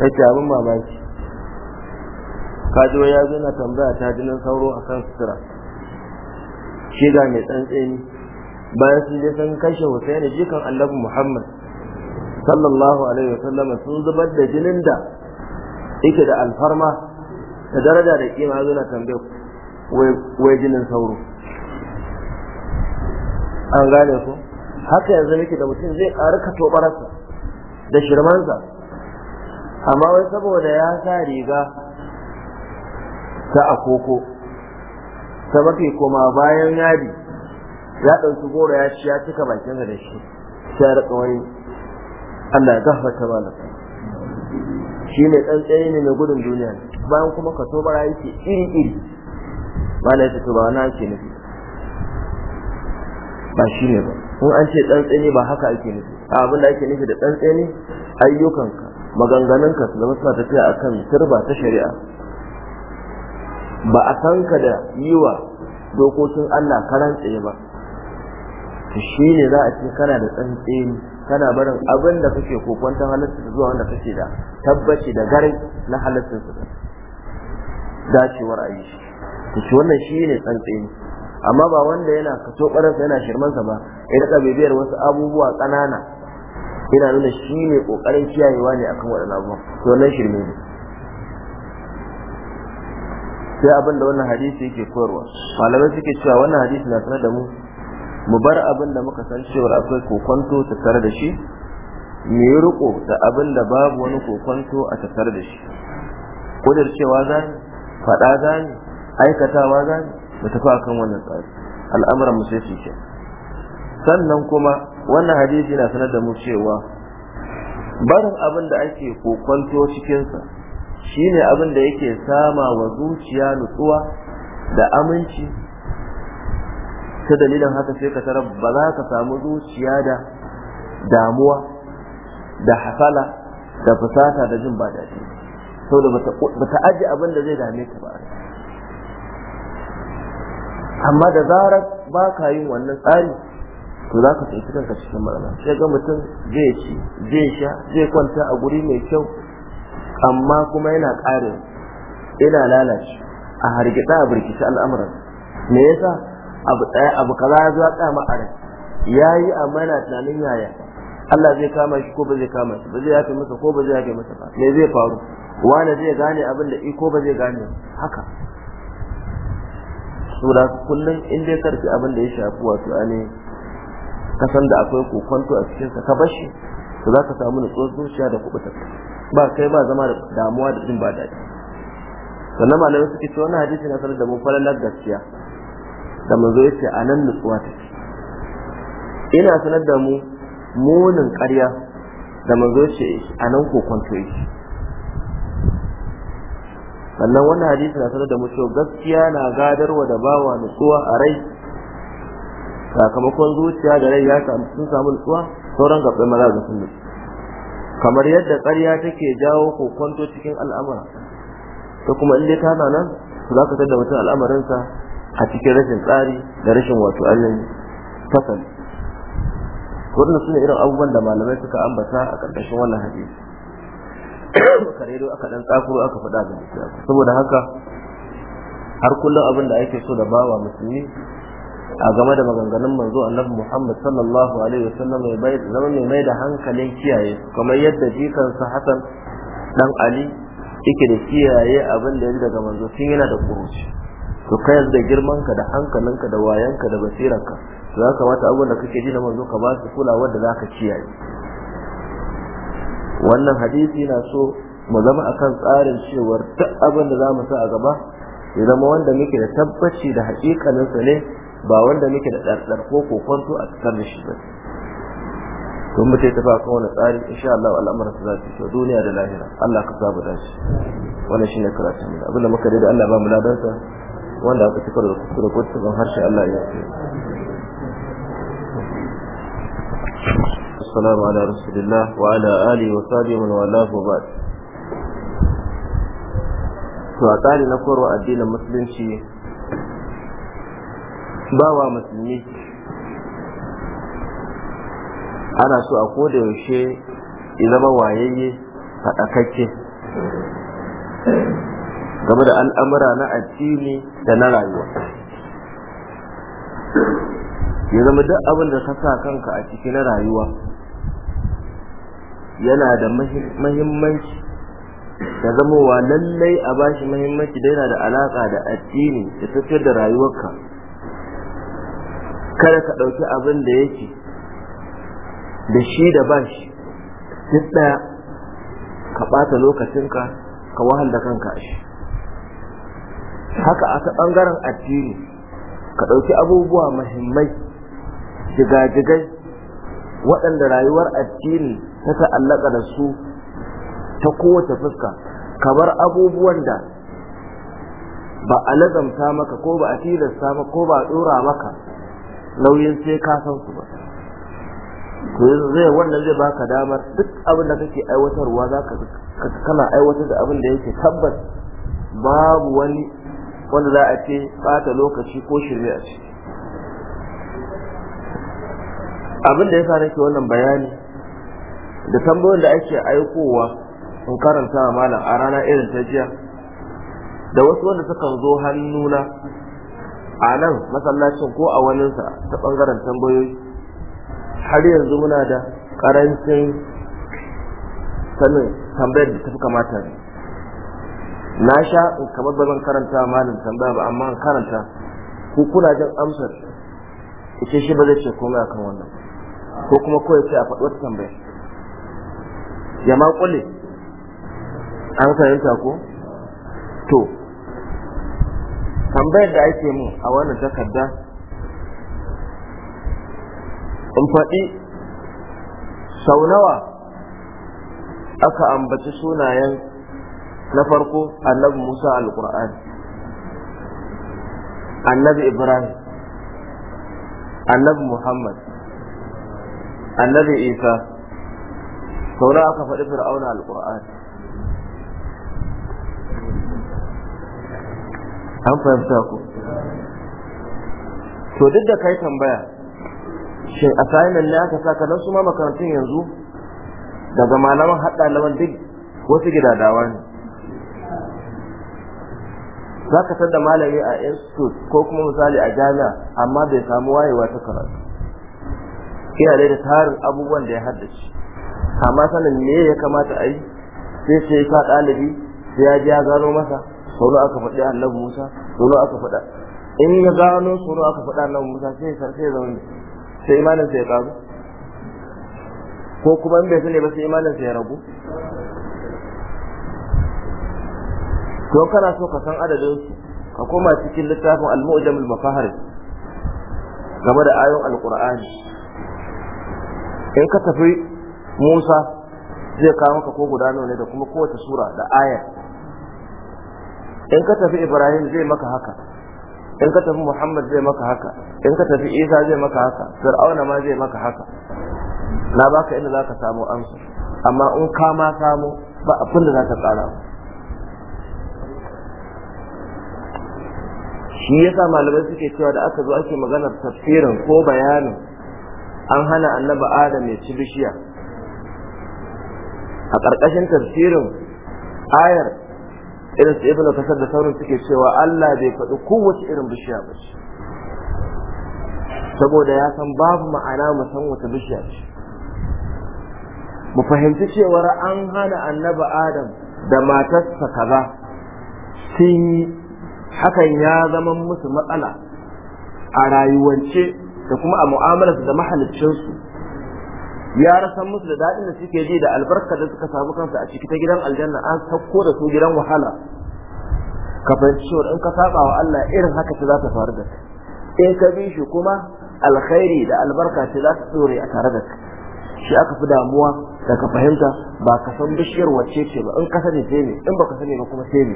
[SPEAKER 1] ya ce abin mamaki kajo ya zo na tambaya ta jinin sauro a kan sutura shi ga mai tsantseni bayan sun je sun kashe husaini jikan annabi muhammad sallallahu alaihi wasallam sun zubar da jinin da yake da alfarma da daraja da kima zo na tambaye wai jinin sauro an gane ku haka yanzu nake da mutum zai ƙari ka tobararsa da shirmansa amma wai saboda ya sa riga ta akoko ta mafi koma bayan yadi ya ɗauki goro ya ci ya cika bakinsa da shi sai ya riƙa wani Allah ya gafarta kai shi mai tsantsaye ne mai gudun duniya bayan kuma ka so bara yake iri iri malai to ba wani ake nufi ba shi ne ba kun an ce tsantsaye ba haka ake nufi a abin da ake nufi da tsantsaye ayyukanka maganganunka su zama suna tafiya a kan turba ta shari'a ba a san ka da yi wa dokokin Allah karan tsaye ba shi ne za a ce kana da tsantsaye kana barin abin da kake kokwanton su zuwa wanda kake da tabbaci da garai na halatta su dacewar a yi shi to shi wannan shi ne tsantsin amma ba wanda yana kaso ƙwararsa yana shirmansa ba ya rika bibiyar wasu abubuwa ƙanana yana nuna shi ne ƙoƙarin kiyayewa ne akan waɗannan abubuwan to wannan shirme ne sai abin da wannan hadisi yake koyarwa malamai suke cewa wannan hadisi na sanar da mu mu bar abin da muka san cewar akwai kokonto tattare da shi mu yi riko da abin da babu wani kokonto a tattare da shi kudircewa za ni faɗa za ni aikatawa za ni mu tafi akan wannan tsari al'amuran mu sai shi sannan kuma wannan hadisi na sanar da mu cewa barin abin da ake kokonto cikinsa shine abin da yake sama wa zuciya nutsuwa da aminci ta dalilin haka sai ka tarar ba za ka samu zuciya da damuwa da hasala da fusata da jin ba daɗi saboda ba ta aji abin da zai dame ka ba amma da zarar ba ka yin wannan tsari to za ka tsaye kanka cikin marana sai ga mutum zai ci zai sha zai kwanta a guri mai kyau amma kuma yana ƙare yana lalace a hargitsa a birkice al'amuran me yasa abu ɗaya abu kaza ya zuwa ya a ma'arai ya yi amana tunanin yaya Allah zai kama shi ko ba zai kama shi ba zai yafe masa ko ba zai yafe masa ba me zai faru wani zai gane abin da ko ba zai gane haka sura kullum in dai karfi abin da ya shafi wato ne ka san da akwai kokonto a cikin ka bar shi to za ka samu nutsuwar zuciya da kubuta ba kai ba zama da damuwa da jin ba daɗi sannan malamai suke ce wannan hadisi na sanar da mu falalar gaskiya da manzo ya ce a nan nutsuwa ta ina sanar da mu munin ƙarya da manzo ya ce a nan kokonto yake sannan wannan hadisi na sanar da mu cewa gaskiya na gadarwa da bawa nutsuwa a rai sakamakon zuciya da rai ya samu sun samu nutsuwa sauran gaɓɓai maza ga sun kamar yadda ƙarya take jawo kokonto cikin al'amura ta kuma in dai kana nan za ka da mutum al'amarinsa a cikin rashin tsari da rashin wato ainihin fasali wannan su ne irin abubuwan da malamai suka ambata a ƙarƙashin wannan hadisi karero aka dan tsakuro aka faɗa da saboda haka har kullum abin da ake so da bawa musulmi a game da maganganun manzo annabi Muhammad sallallahu alaihi wasallam ya zama mai mai da hankalin kiyaye kamar yadda jikansa Hassan dan Ali yake da kiyaye abin da ya daga manzo tun yana da kuruci to kai da girman ka da hankalinka da wayanka da basiranka za ka wata abin da kake ji na manzo ka ba su kulawar da za ka kiyaye wannan hadisi na so mu zama akan tsarin cewar duk abin da za mu sa a gaba ya zama wanda muke da tabbaci da haƙiƙaninsa ne ba wanda muke da ɗarɗar ko kokonto a tsakar da shi ba to mu ta tafi akan wani tsari insha Allah al'amuran su za su kyau duniya da lahira Allah ka sabu shi. wannan shine karatun mu abin da muka da Allah ba mu sa. wanda aka cikar da kuskure ko cikin harshe Allah ya ce assalamu ala rasulillah wa ala alihi wa sahbihi wa wala wa ba'd to a tsari na korwa addinin musulunci bawa musulmi ana so a koda yaushe ya zama wayayye faɗakakke game da al'amura na addini da na rayuwa ya zama duk abin da ka sa kanka a ciki na rayuwa yana da mahimmanci da zamowa lallai a bashi mahimmanci da yana da alaƙa da addini da tafiyar da rayuwarka kada ka ɗauki abin da yake da shi da bashi duk ɗaya ka ɓata lokacinka ka wahal da kanka shi haka a ta ɓangaren addini ka ɗauki abubuwa muhimmai jigajigai waɗanda rayuwar addini ta ta'allaka da su ta kowace fuska kamar abubuwan da ba a lazamta maka ko ba a tilasta maka ko ba a ɗora maka nauyin sai ka san su ba to yanzu zai wannan zai baka damar duk abin da kake aiwatarwa za ka kana aiwatar da abin da yake tabbas babu wani wanda za a ce bata lokaci ko shirme a abin da ya sa nake wannan bayani da tambayoyin da ake aikowa in karanta malam a rana irin ta jiya da wasu wanda sukan zo hannuna a nan masallacin ko a waninsa ta ɓangaren tambayoyi har yanzu muna da karancin sanin tambayar da ta fi kamata ne na sha kamar ba zan karanta malin tambaya ba amma karanta ko kuna jin amsar ita shi ba zai ce komai akan wannan ko kuma ko yace a faɗi wata tambaya ya ma kulle an fahimta ko to tambayar da ake mun a wannan takarda in faɗi sau nawa aka ambaci sunayen na farko annabi musa alkur'ani annabi ibrahim annabi muhammad annabi isa saura aka faɗi fir'auna alkur'ani an fahimta ku to duk da kai tambaya shin assignment ne aka saka nan su ma makarantun yanzu daga malaman haɗa laman duk wasu gidadawa ne za ka da malami a institute ko kuma misali a jami'a amma bai samu wayewa ta karatu ina dai da tarin abubuwan da ya haddace amma sanin me ya kamata a yi sai sai ka ɗalibi sai ya ji ya gano masa sono aka faɗi annabi musa sono aka faɗa in ya gano sono aka faɗi annabi musa sai ya sarfe zaune sai imanin sai ya ƙaru ko kuma in bai sani ba sai imanin sai ya ragu to kana so ka san adadin su ka koma cikin littafin al-mu'jam al-mafahari game da ayoyin al-qur'ani in ka tafi Musa zai kawo maka ko guda nawa ne da kuma kowace sura da aya in ka tafi Ibrahim zai maka haka in ka tafi Muhammad zai maka haka in ka tafi Isa zai maka haka Fir'auna ma zai maka haka na baka inda zaka samu amsa amma in ka ma samu ba abin da za ta tsara ba shi yasa malamai suke cewa da aka zo ake maganar tafsirin ko bayanin an hana annabi adam ya ci bishiya a ƙarƙashin tafsirin ayar irin su ibn kasar da sauran suke cewa Allah bai faɗi kowace irin bishiya ba ce saboda ya san babu ma'ana mu san wata bishiya ce mu fahimci cewar an hana annabi adam da matarsa kaza sun yi hakan ya zama musu matsala a rayuwance da kuma a mu'amalarsu da mahaliccinsu ya rasa musu da daɗin da suke ji da albarka da suka samu kansu a ciki ta gidan aljanna an sauko da su gidan wahala ka fahimci cewa in ka saba wa Allah irin haka ce za ta faru da kai in ka bi shi kuma alkhairi da albarka ce za ta dore a tare da kai shi aka fi damuwa da ka fahimta ba ka san bishiyar wacce ce ba in ka sani sai ne in baka sani ba kuma sai ne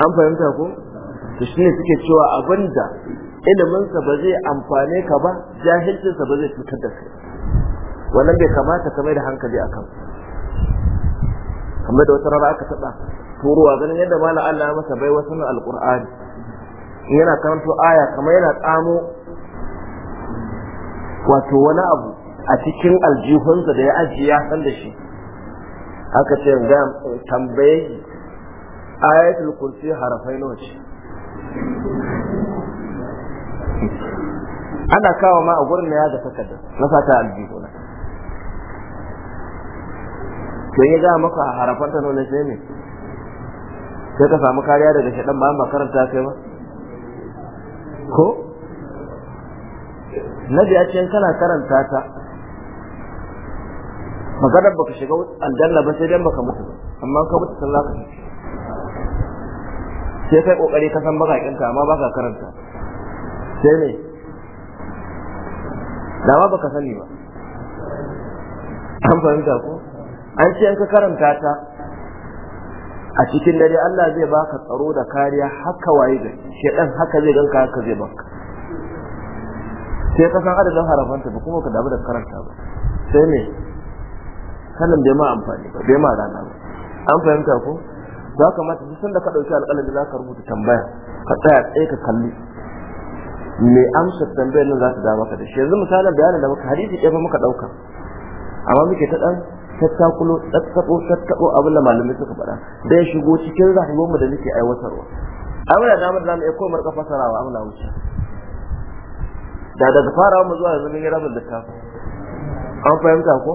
[SPEAKER 1] an fahimta ko to shi ne suke cewa abinda iliminsa ba zai amfane ka ba jahilcinsa ba zai cutar da kai wannan bai kamata ka mai da hankali akan kamar da wata rana aka taba turuwa ganin yadda malam Allah ya masa bai wasu na alqur'ani yana karanto aya kamar yana tsamo wato wani abu a cikin aljihunsa da ya ajiye ya san da shi aka ce tambaye ayatul kursi harafai nawa ce ana kawo ma a gurin ya ga takarda na fata aljihu na sai ya ga maka harafan ta nuna sai ne sai ka samu kariya daga shaɗan ba makaranta kai ba ko na biya ce kana karanta ta ba ka shiga aljanna ba sai dan baka mutu amma ka mutu sallah ka sai kai kokari ka san bakakin ka amma baka karanta sai ne da ba baka sani ba an fahimta ko an ce an ka karanta ta a cikin dare Allah zai baka tsaro da kariya haka waye da shedan haka zai ganka haka zai baka sai ka san adadin harafanta ba kuma ka damu da karanta ba sai ne sanin bai ma amfani ba bai ma rana ba an fahimta ko za ka mata duk sanda ka ɗauki alƙalami za ka rubuta tambaya ka tsaya tsaye ka kalli me amsa tambayar nan za ta dama maka da shi yanzu misalin bayanin da maka hadisi ɗaya muka ɗauka amma muke ta ɗan tattakulo tattabo tattako abin da malamai suka faɗa da ya shigo cikin rayuwarmu da muke aiwatarwa amina da za mu iya komar kafa sarawa amina wuce da daga farawa mu zuwa yanzu mun yi rabin littafin an fahimta ko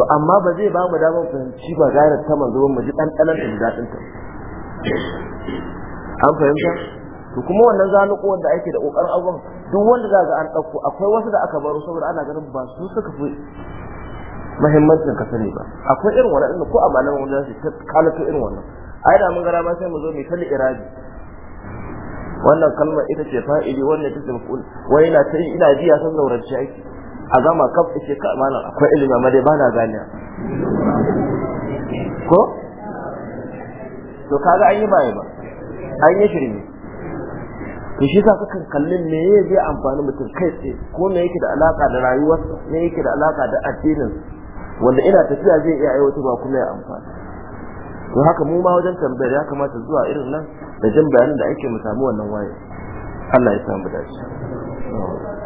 [SPEAKER 1] to amma ba zai ba mu damar fahimci ba gane ta manzo mu ji dalan da daɗin ta an fahimta to kuma wannan zaluko wanda ake da ƙoƙarin abin duk wanda za ga an ɗauko akwai wasu da aka baro saboda ana ganin ba su suka fi muhimmancin ka sani ba akwai irin wannan ko a malamin wanda zai ta kalato irin wannan ai da mun gara ma sai mu zo mu kalli irabi wannan kalmar ita ce fa'ili wannan ita ce maf'ul wai ina ta ina jiya san zaurance aiki a gama kaf ce ka mana akwai ilimi amma dai bana gane ko to kaga an yi baya ba an yi shirme to shi sa kakan kallin me ya zai amfani mutum kai tsaye ko me yake da alaka da rayuwar me yake da alaka da addinin wanda ina tafiya zai iya ba kuma ya amfani to haka mu ma wajen tambayar ya kamata zuwa irin nan da jin bayanin da ake mu samu wannan waye Allah ya samu dace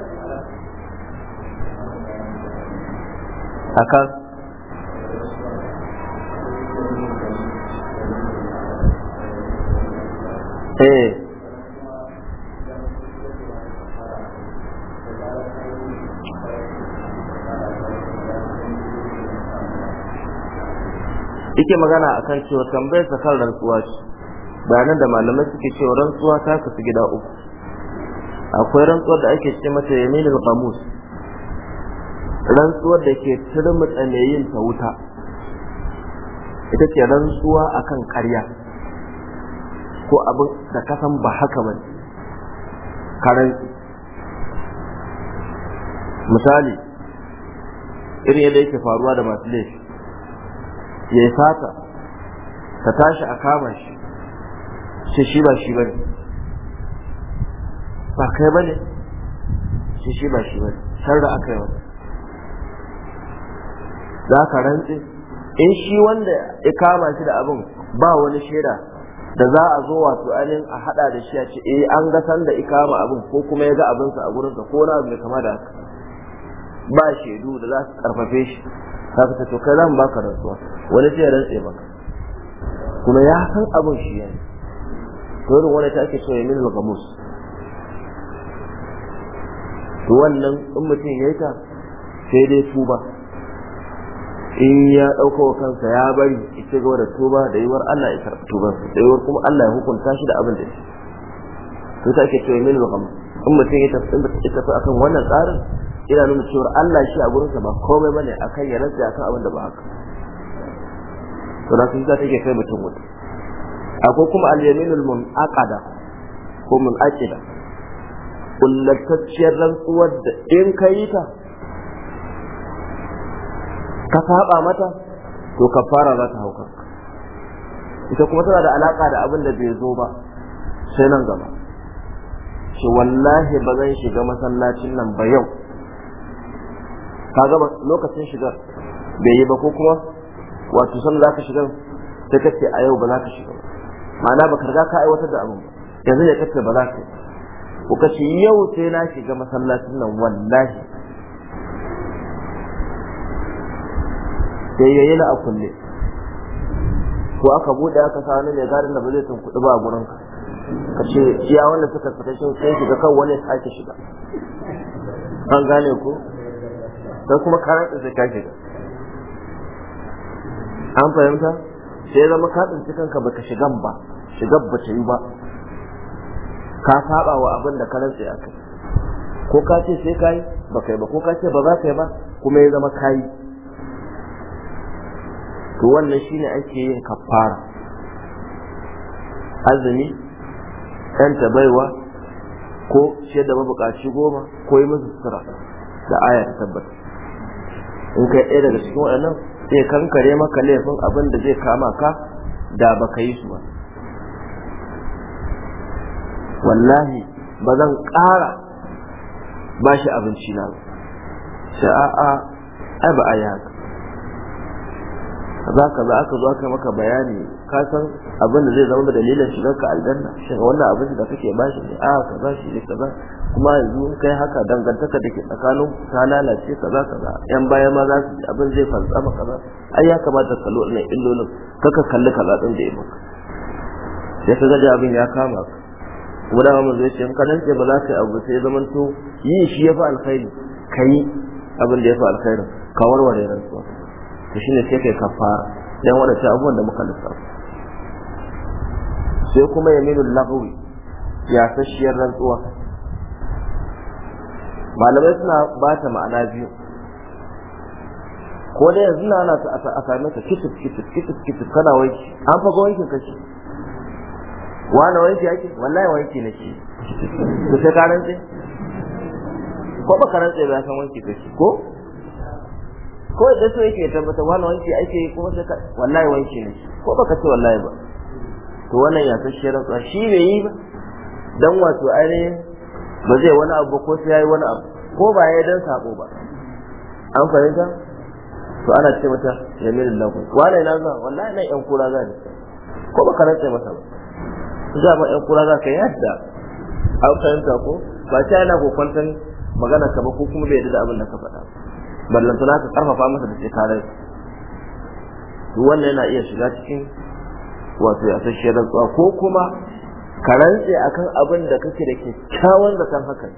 [SPEAKER 1] akan eh yake magana akan cewa tambayar sa kan rantsuwa ce bayanan da malamai suke cewa rantsuwa ta kasu gida uku akwai rantsuwar da ake ce mata yaminul qamus rantsuwar da ke turmutsa mai yin ta wuta ita ce rantsuwa kan karya ko abin da kasan ba haka ba karan misali irin yadda yake faruwa da masu laifi ya yi fata ta tashi a kama shi shi shi ba shi ba ne ba kai ba ne shi shi ba shi ba ne da aka yi wani za ka rantse in shi wanda ya kama shi da abin ba wani shaida da za a zo wato ainihin a hada da shi a ce eh an ga san da ikama abin ko kuma ya ga abin sa a gurin sa ko na abu mai kama da haka ba shaidu da za su karfafe shi ka ce to kai zan baka rantsuwa wani sai ya rantse maka kuma ya san abin shi yana to irin wani ta so ya min al-gamus to wannan in mutum ya yi ta sai dai tuba in ya ɗauko kansa ya bari ita ga da tuba da yiwuwar Allah ya karɓi tubansa da yiwuwar kuma Allah ya hukunta shi da abin da shi to ta ake cewa min rukam in mutum ya tafi ya tafi akan wannan tsarin ina nuna cewa Allah shi a gurinsa ba komai bane akan ya rantsa akan abin da ba haka to da su za ta ke kai mutum wuta akwai kuma al-yaminul munaqada ko munaqida kullatacciyar rantsuwar da in ka yi ta ka saba mata to kafara za ta hauka ita kuma tana da alaka da abin da bai zo ba sai nan gaba shi wallahi ba zan shiga masallacin nan ba yau Ka gaba lokacin shigar bai yi ba ko kuma wato san za ka shiga sai kace a yau ba za ka shiga ba ma'ana ba karga ka aiwatar da abin yanzu ya kace ba za ka ko kace yau sai na shiga masallacin nan wallahi sai ya yi a kulle ko aka bude aka sa wani mai garin da ba zai tunkuɗi ba a gurin ka ka ce iya wanda suka fita shi sai shiga kan wani sake shiga
[SPEAKER 2] an gane ku sai
[SPEAKER 1] kuma karan da zai shiga an fahimta sai zama ka cikin ka baka shigan ba shigan ba ta yi ba ka saba wa abin da karan sai aka ko ka ce sai kai ba kai ba ko ka ce ba za ka yi ba kuma ya zama kai to wannan shine ake yin kafara azumi ta baiwa ko ce da mabukaci goma ko yi musu sutura da aya ta tabbata in kai ɗaya daga cikin waɗannan sai kankare maka laifin abin da zai kama ka da baka yi su ba wallahi ba zan ƙara ba shi abinci na ba sai ai ba a ka za aka zo aka maka bayani ka san abin da zai zama da dalilin shigar ka aljanna shin wannan abin da kake bashi ne a ba shi ne ba kuma yanzu in kai haka dangantaka da ke tsakanin ta lalace ka za yan baya ma za su abin zai maka kaza ai ya kamata ka lura wannan illolin kaka kalli ka zaɗin da ya maka sai ka gaji abin ya kama ka mu zai ce in ka ce ba za ka yi abu sai zamanto yi shi ya fi alkhairi ka yi abin da ya fi alkhairin ka warware rantsuwa to shine sai kai kafara dan ta abubuwan da muka lissafa sai kuma yaminul lagwi ya sashiyar rantsuwa malamai suna ba ta ma'ana biyu ko da yanzu na ana a same ka kitif kitif kitif kitif kana wanki an faga wankin kashi shi wani wanki yake wallahi wanki na shi to sai ka rantse ko ba ka rantse ba san wanki kashi ko ko da so yake tabbata wani wanki ake yi kuma sai wallahi wanki ne ko baka ce wallahi ba to wannan ya sashe rantsuwa shi bai yi ba dan wato ainihin ba zai wani abu ko sai yayi wani abu ko ba yayi dan sako ba an fahimta to ana ce mata yaminin lagu wallahi na za wallahi na yan kura za ne ko ba ka rantsa masa ba za ma yan kura za ka yadda an fahimta ko ba ta yana kokwantan magana ka ba ko kuma bai yadda abin da ka faɗa ballantana ka karfafa masa da tsakarar duk wannan yana iya shiga cikin wato ya sashe rantsuwa ko kuma ka rantse akan abin da kake da kyakkyawan zaton hakan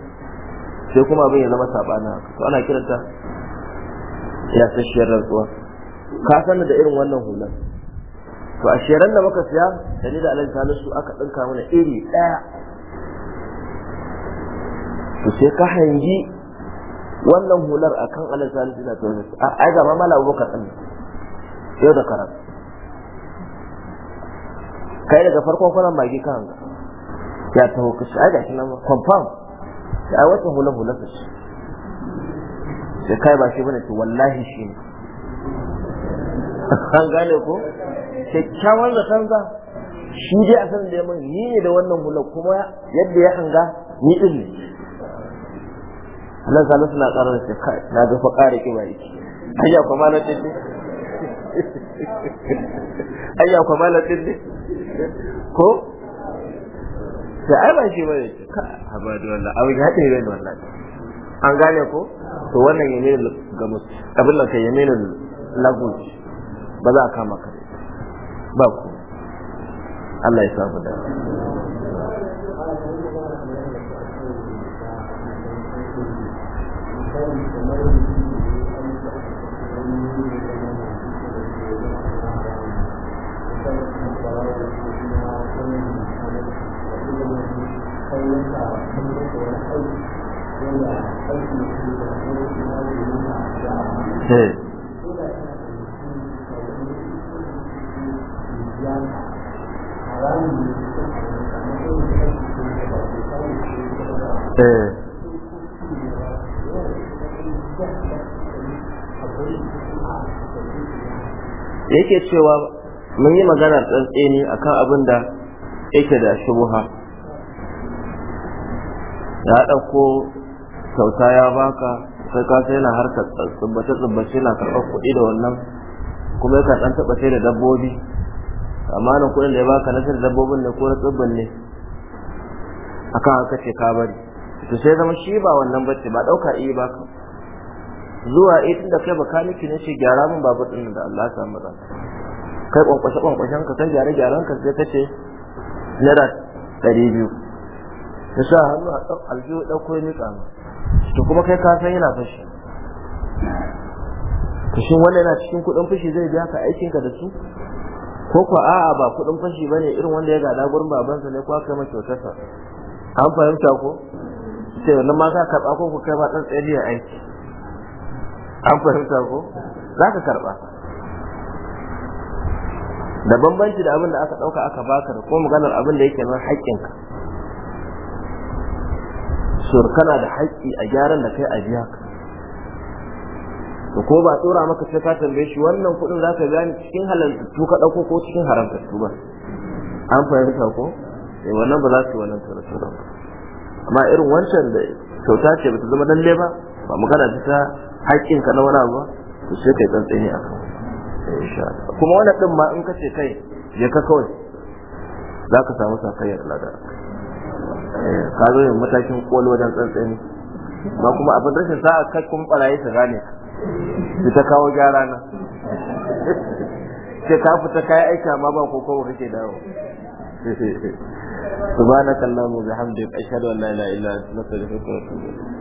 [SPEAKER 1] sai kuma abin ya zama sabana to ana kiranta ya sashe rantsuwa ka san da irin wannan hular to a sheran da muka siya da ni da alhaji salisu aka dinka mana iri daya to sai ka hangi wannan hular akan alal salisu na tsoron a ai ga mala abubakar ɗin yau da karar kai daga farkon kwanan magi kan ya taho ka shi ai gashi nan kwamfam da ai wata hular hular shi da kai ba shi bane to wallahi shi ne [LAUGHS] an gane ko kyakkyawan zaton za shi dai a san da ya mun ni ne da wannan hular kuma yadda ya hanga ni ɗin ne Allah zalun suna ƙara da kai na ga fa ƙara kiba yake ayya kuma na tinne ayya kuma na tinne ko sai ai ba shi ba ne ka da wannan abu ya ta da wannan an gane ko to wannan ga gamus abin da nan kai yaminul lagus ba za a kama ka ba ku Allah ya samu
[SPEAKER 2] da Eh.
[SPEAKER 1] yake cewa mun yi maganar tsantseni kan abin da yake da shubuha ya ɗauko kyauta ya baka sai ka sai yana harka tsubbace tsubbace na karɓar kuɗi da wannan kuma yakan ɗan taɓa sai da dabbobi amanin kuɗin da ya baka na sai da dabbobin ne ko na tsubbin ne akan haka ce ka bari to sai zama shi ba wannan bacci ba ɗauka iya baka zuwa ɗin eh, da kai bakaniki ne ce gyara min babur din da Allah ya samu kai kwankwashe kwankwashen ka san gyare gyaran ka sai kace naira ɗari biyu Ya sa hannu a ɗan aljihu ɗauko ya nika to kuma kai ka san yana fashi to shin wannan yana cikin kuɗin fashi zai biya ka aikin ka da su ko ko a'a ba kuɗin fashi ba ne irin wanda ya gada gurin babansa ne ko aka yi kyautarsa an fahimta ko sai wannan ma ka karɓa ko ku kai ba ɗan tsaye aiki an fahimta ko za ka karɓa da bambanci da abin da aka ɗauka aka baka da ko maganar abin da yake nan haƙƙinka sur kana da haƙƙi a gyaran da kai a biya ka to ko ba tsora maka sai ka tambaye shi wannan kuɗin za ka gani cikin tu ka dauko ko cikin haramtattu ba an fahimta ko eh wannan ba za su yi wannan karatu ba amma irin wancan da kyauta ce ba ta zama lalle ba ba magana ta haƙƙin ka na wani abu to sai kai tsantsani a kan eh, kuma wani ɗin ma in ka ce kai je ka kawai za ka samu sakayyar lada eh, ka zo yin matakin ƙoli wajen tsantsani ba kuma abin rashin sa'a kai kun barayi su gane ki ta kawo gyara na ke ka fita kai aika ma ba ko kawai kake dawo [LAUGHS] subhanakallahumma bihamdika ashhadu an la ilaha illa anta astaghfiruka wa atubu ilayk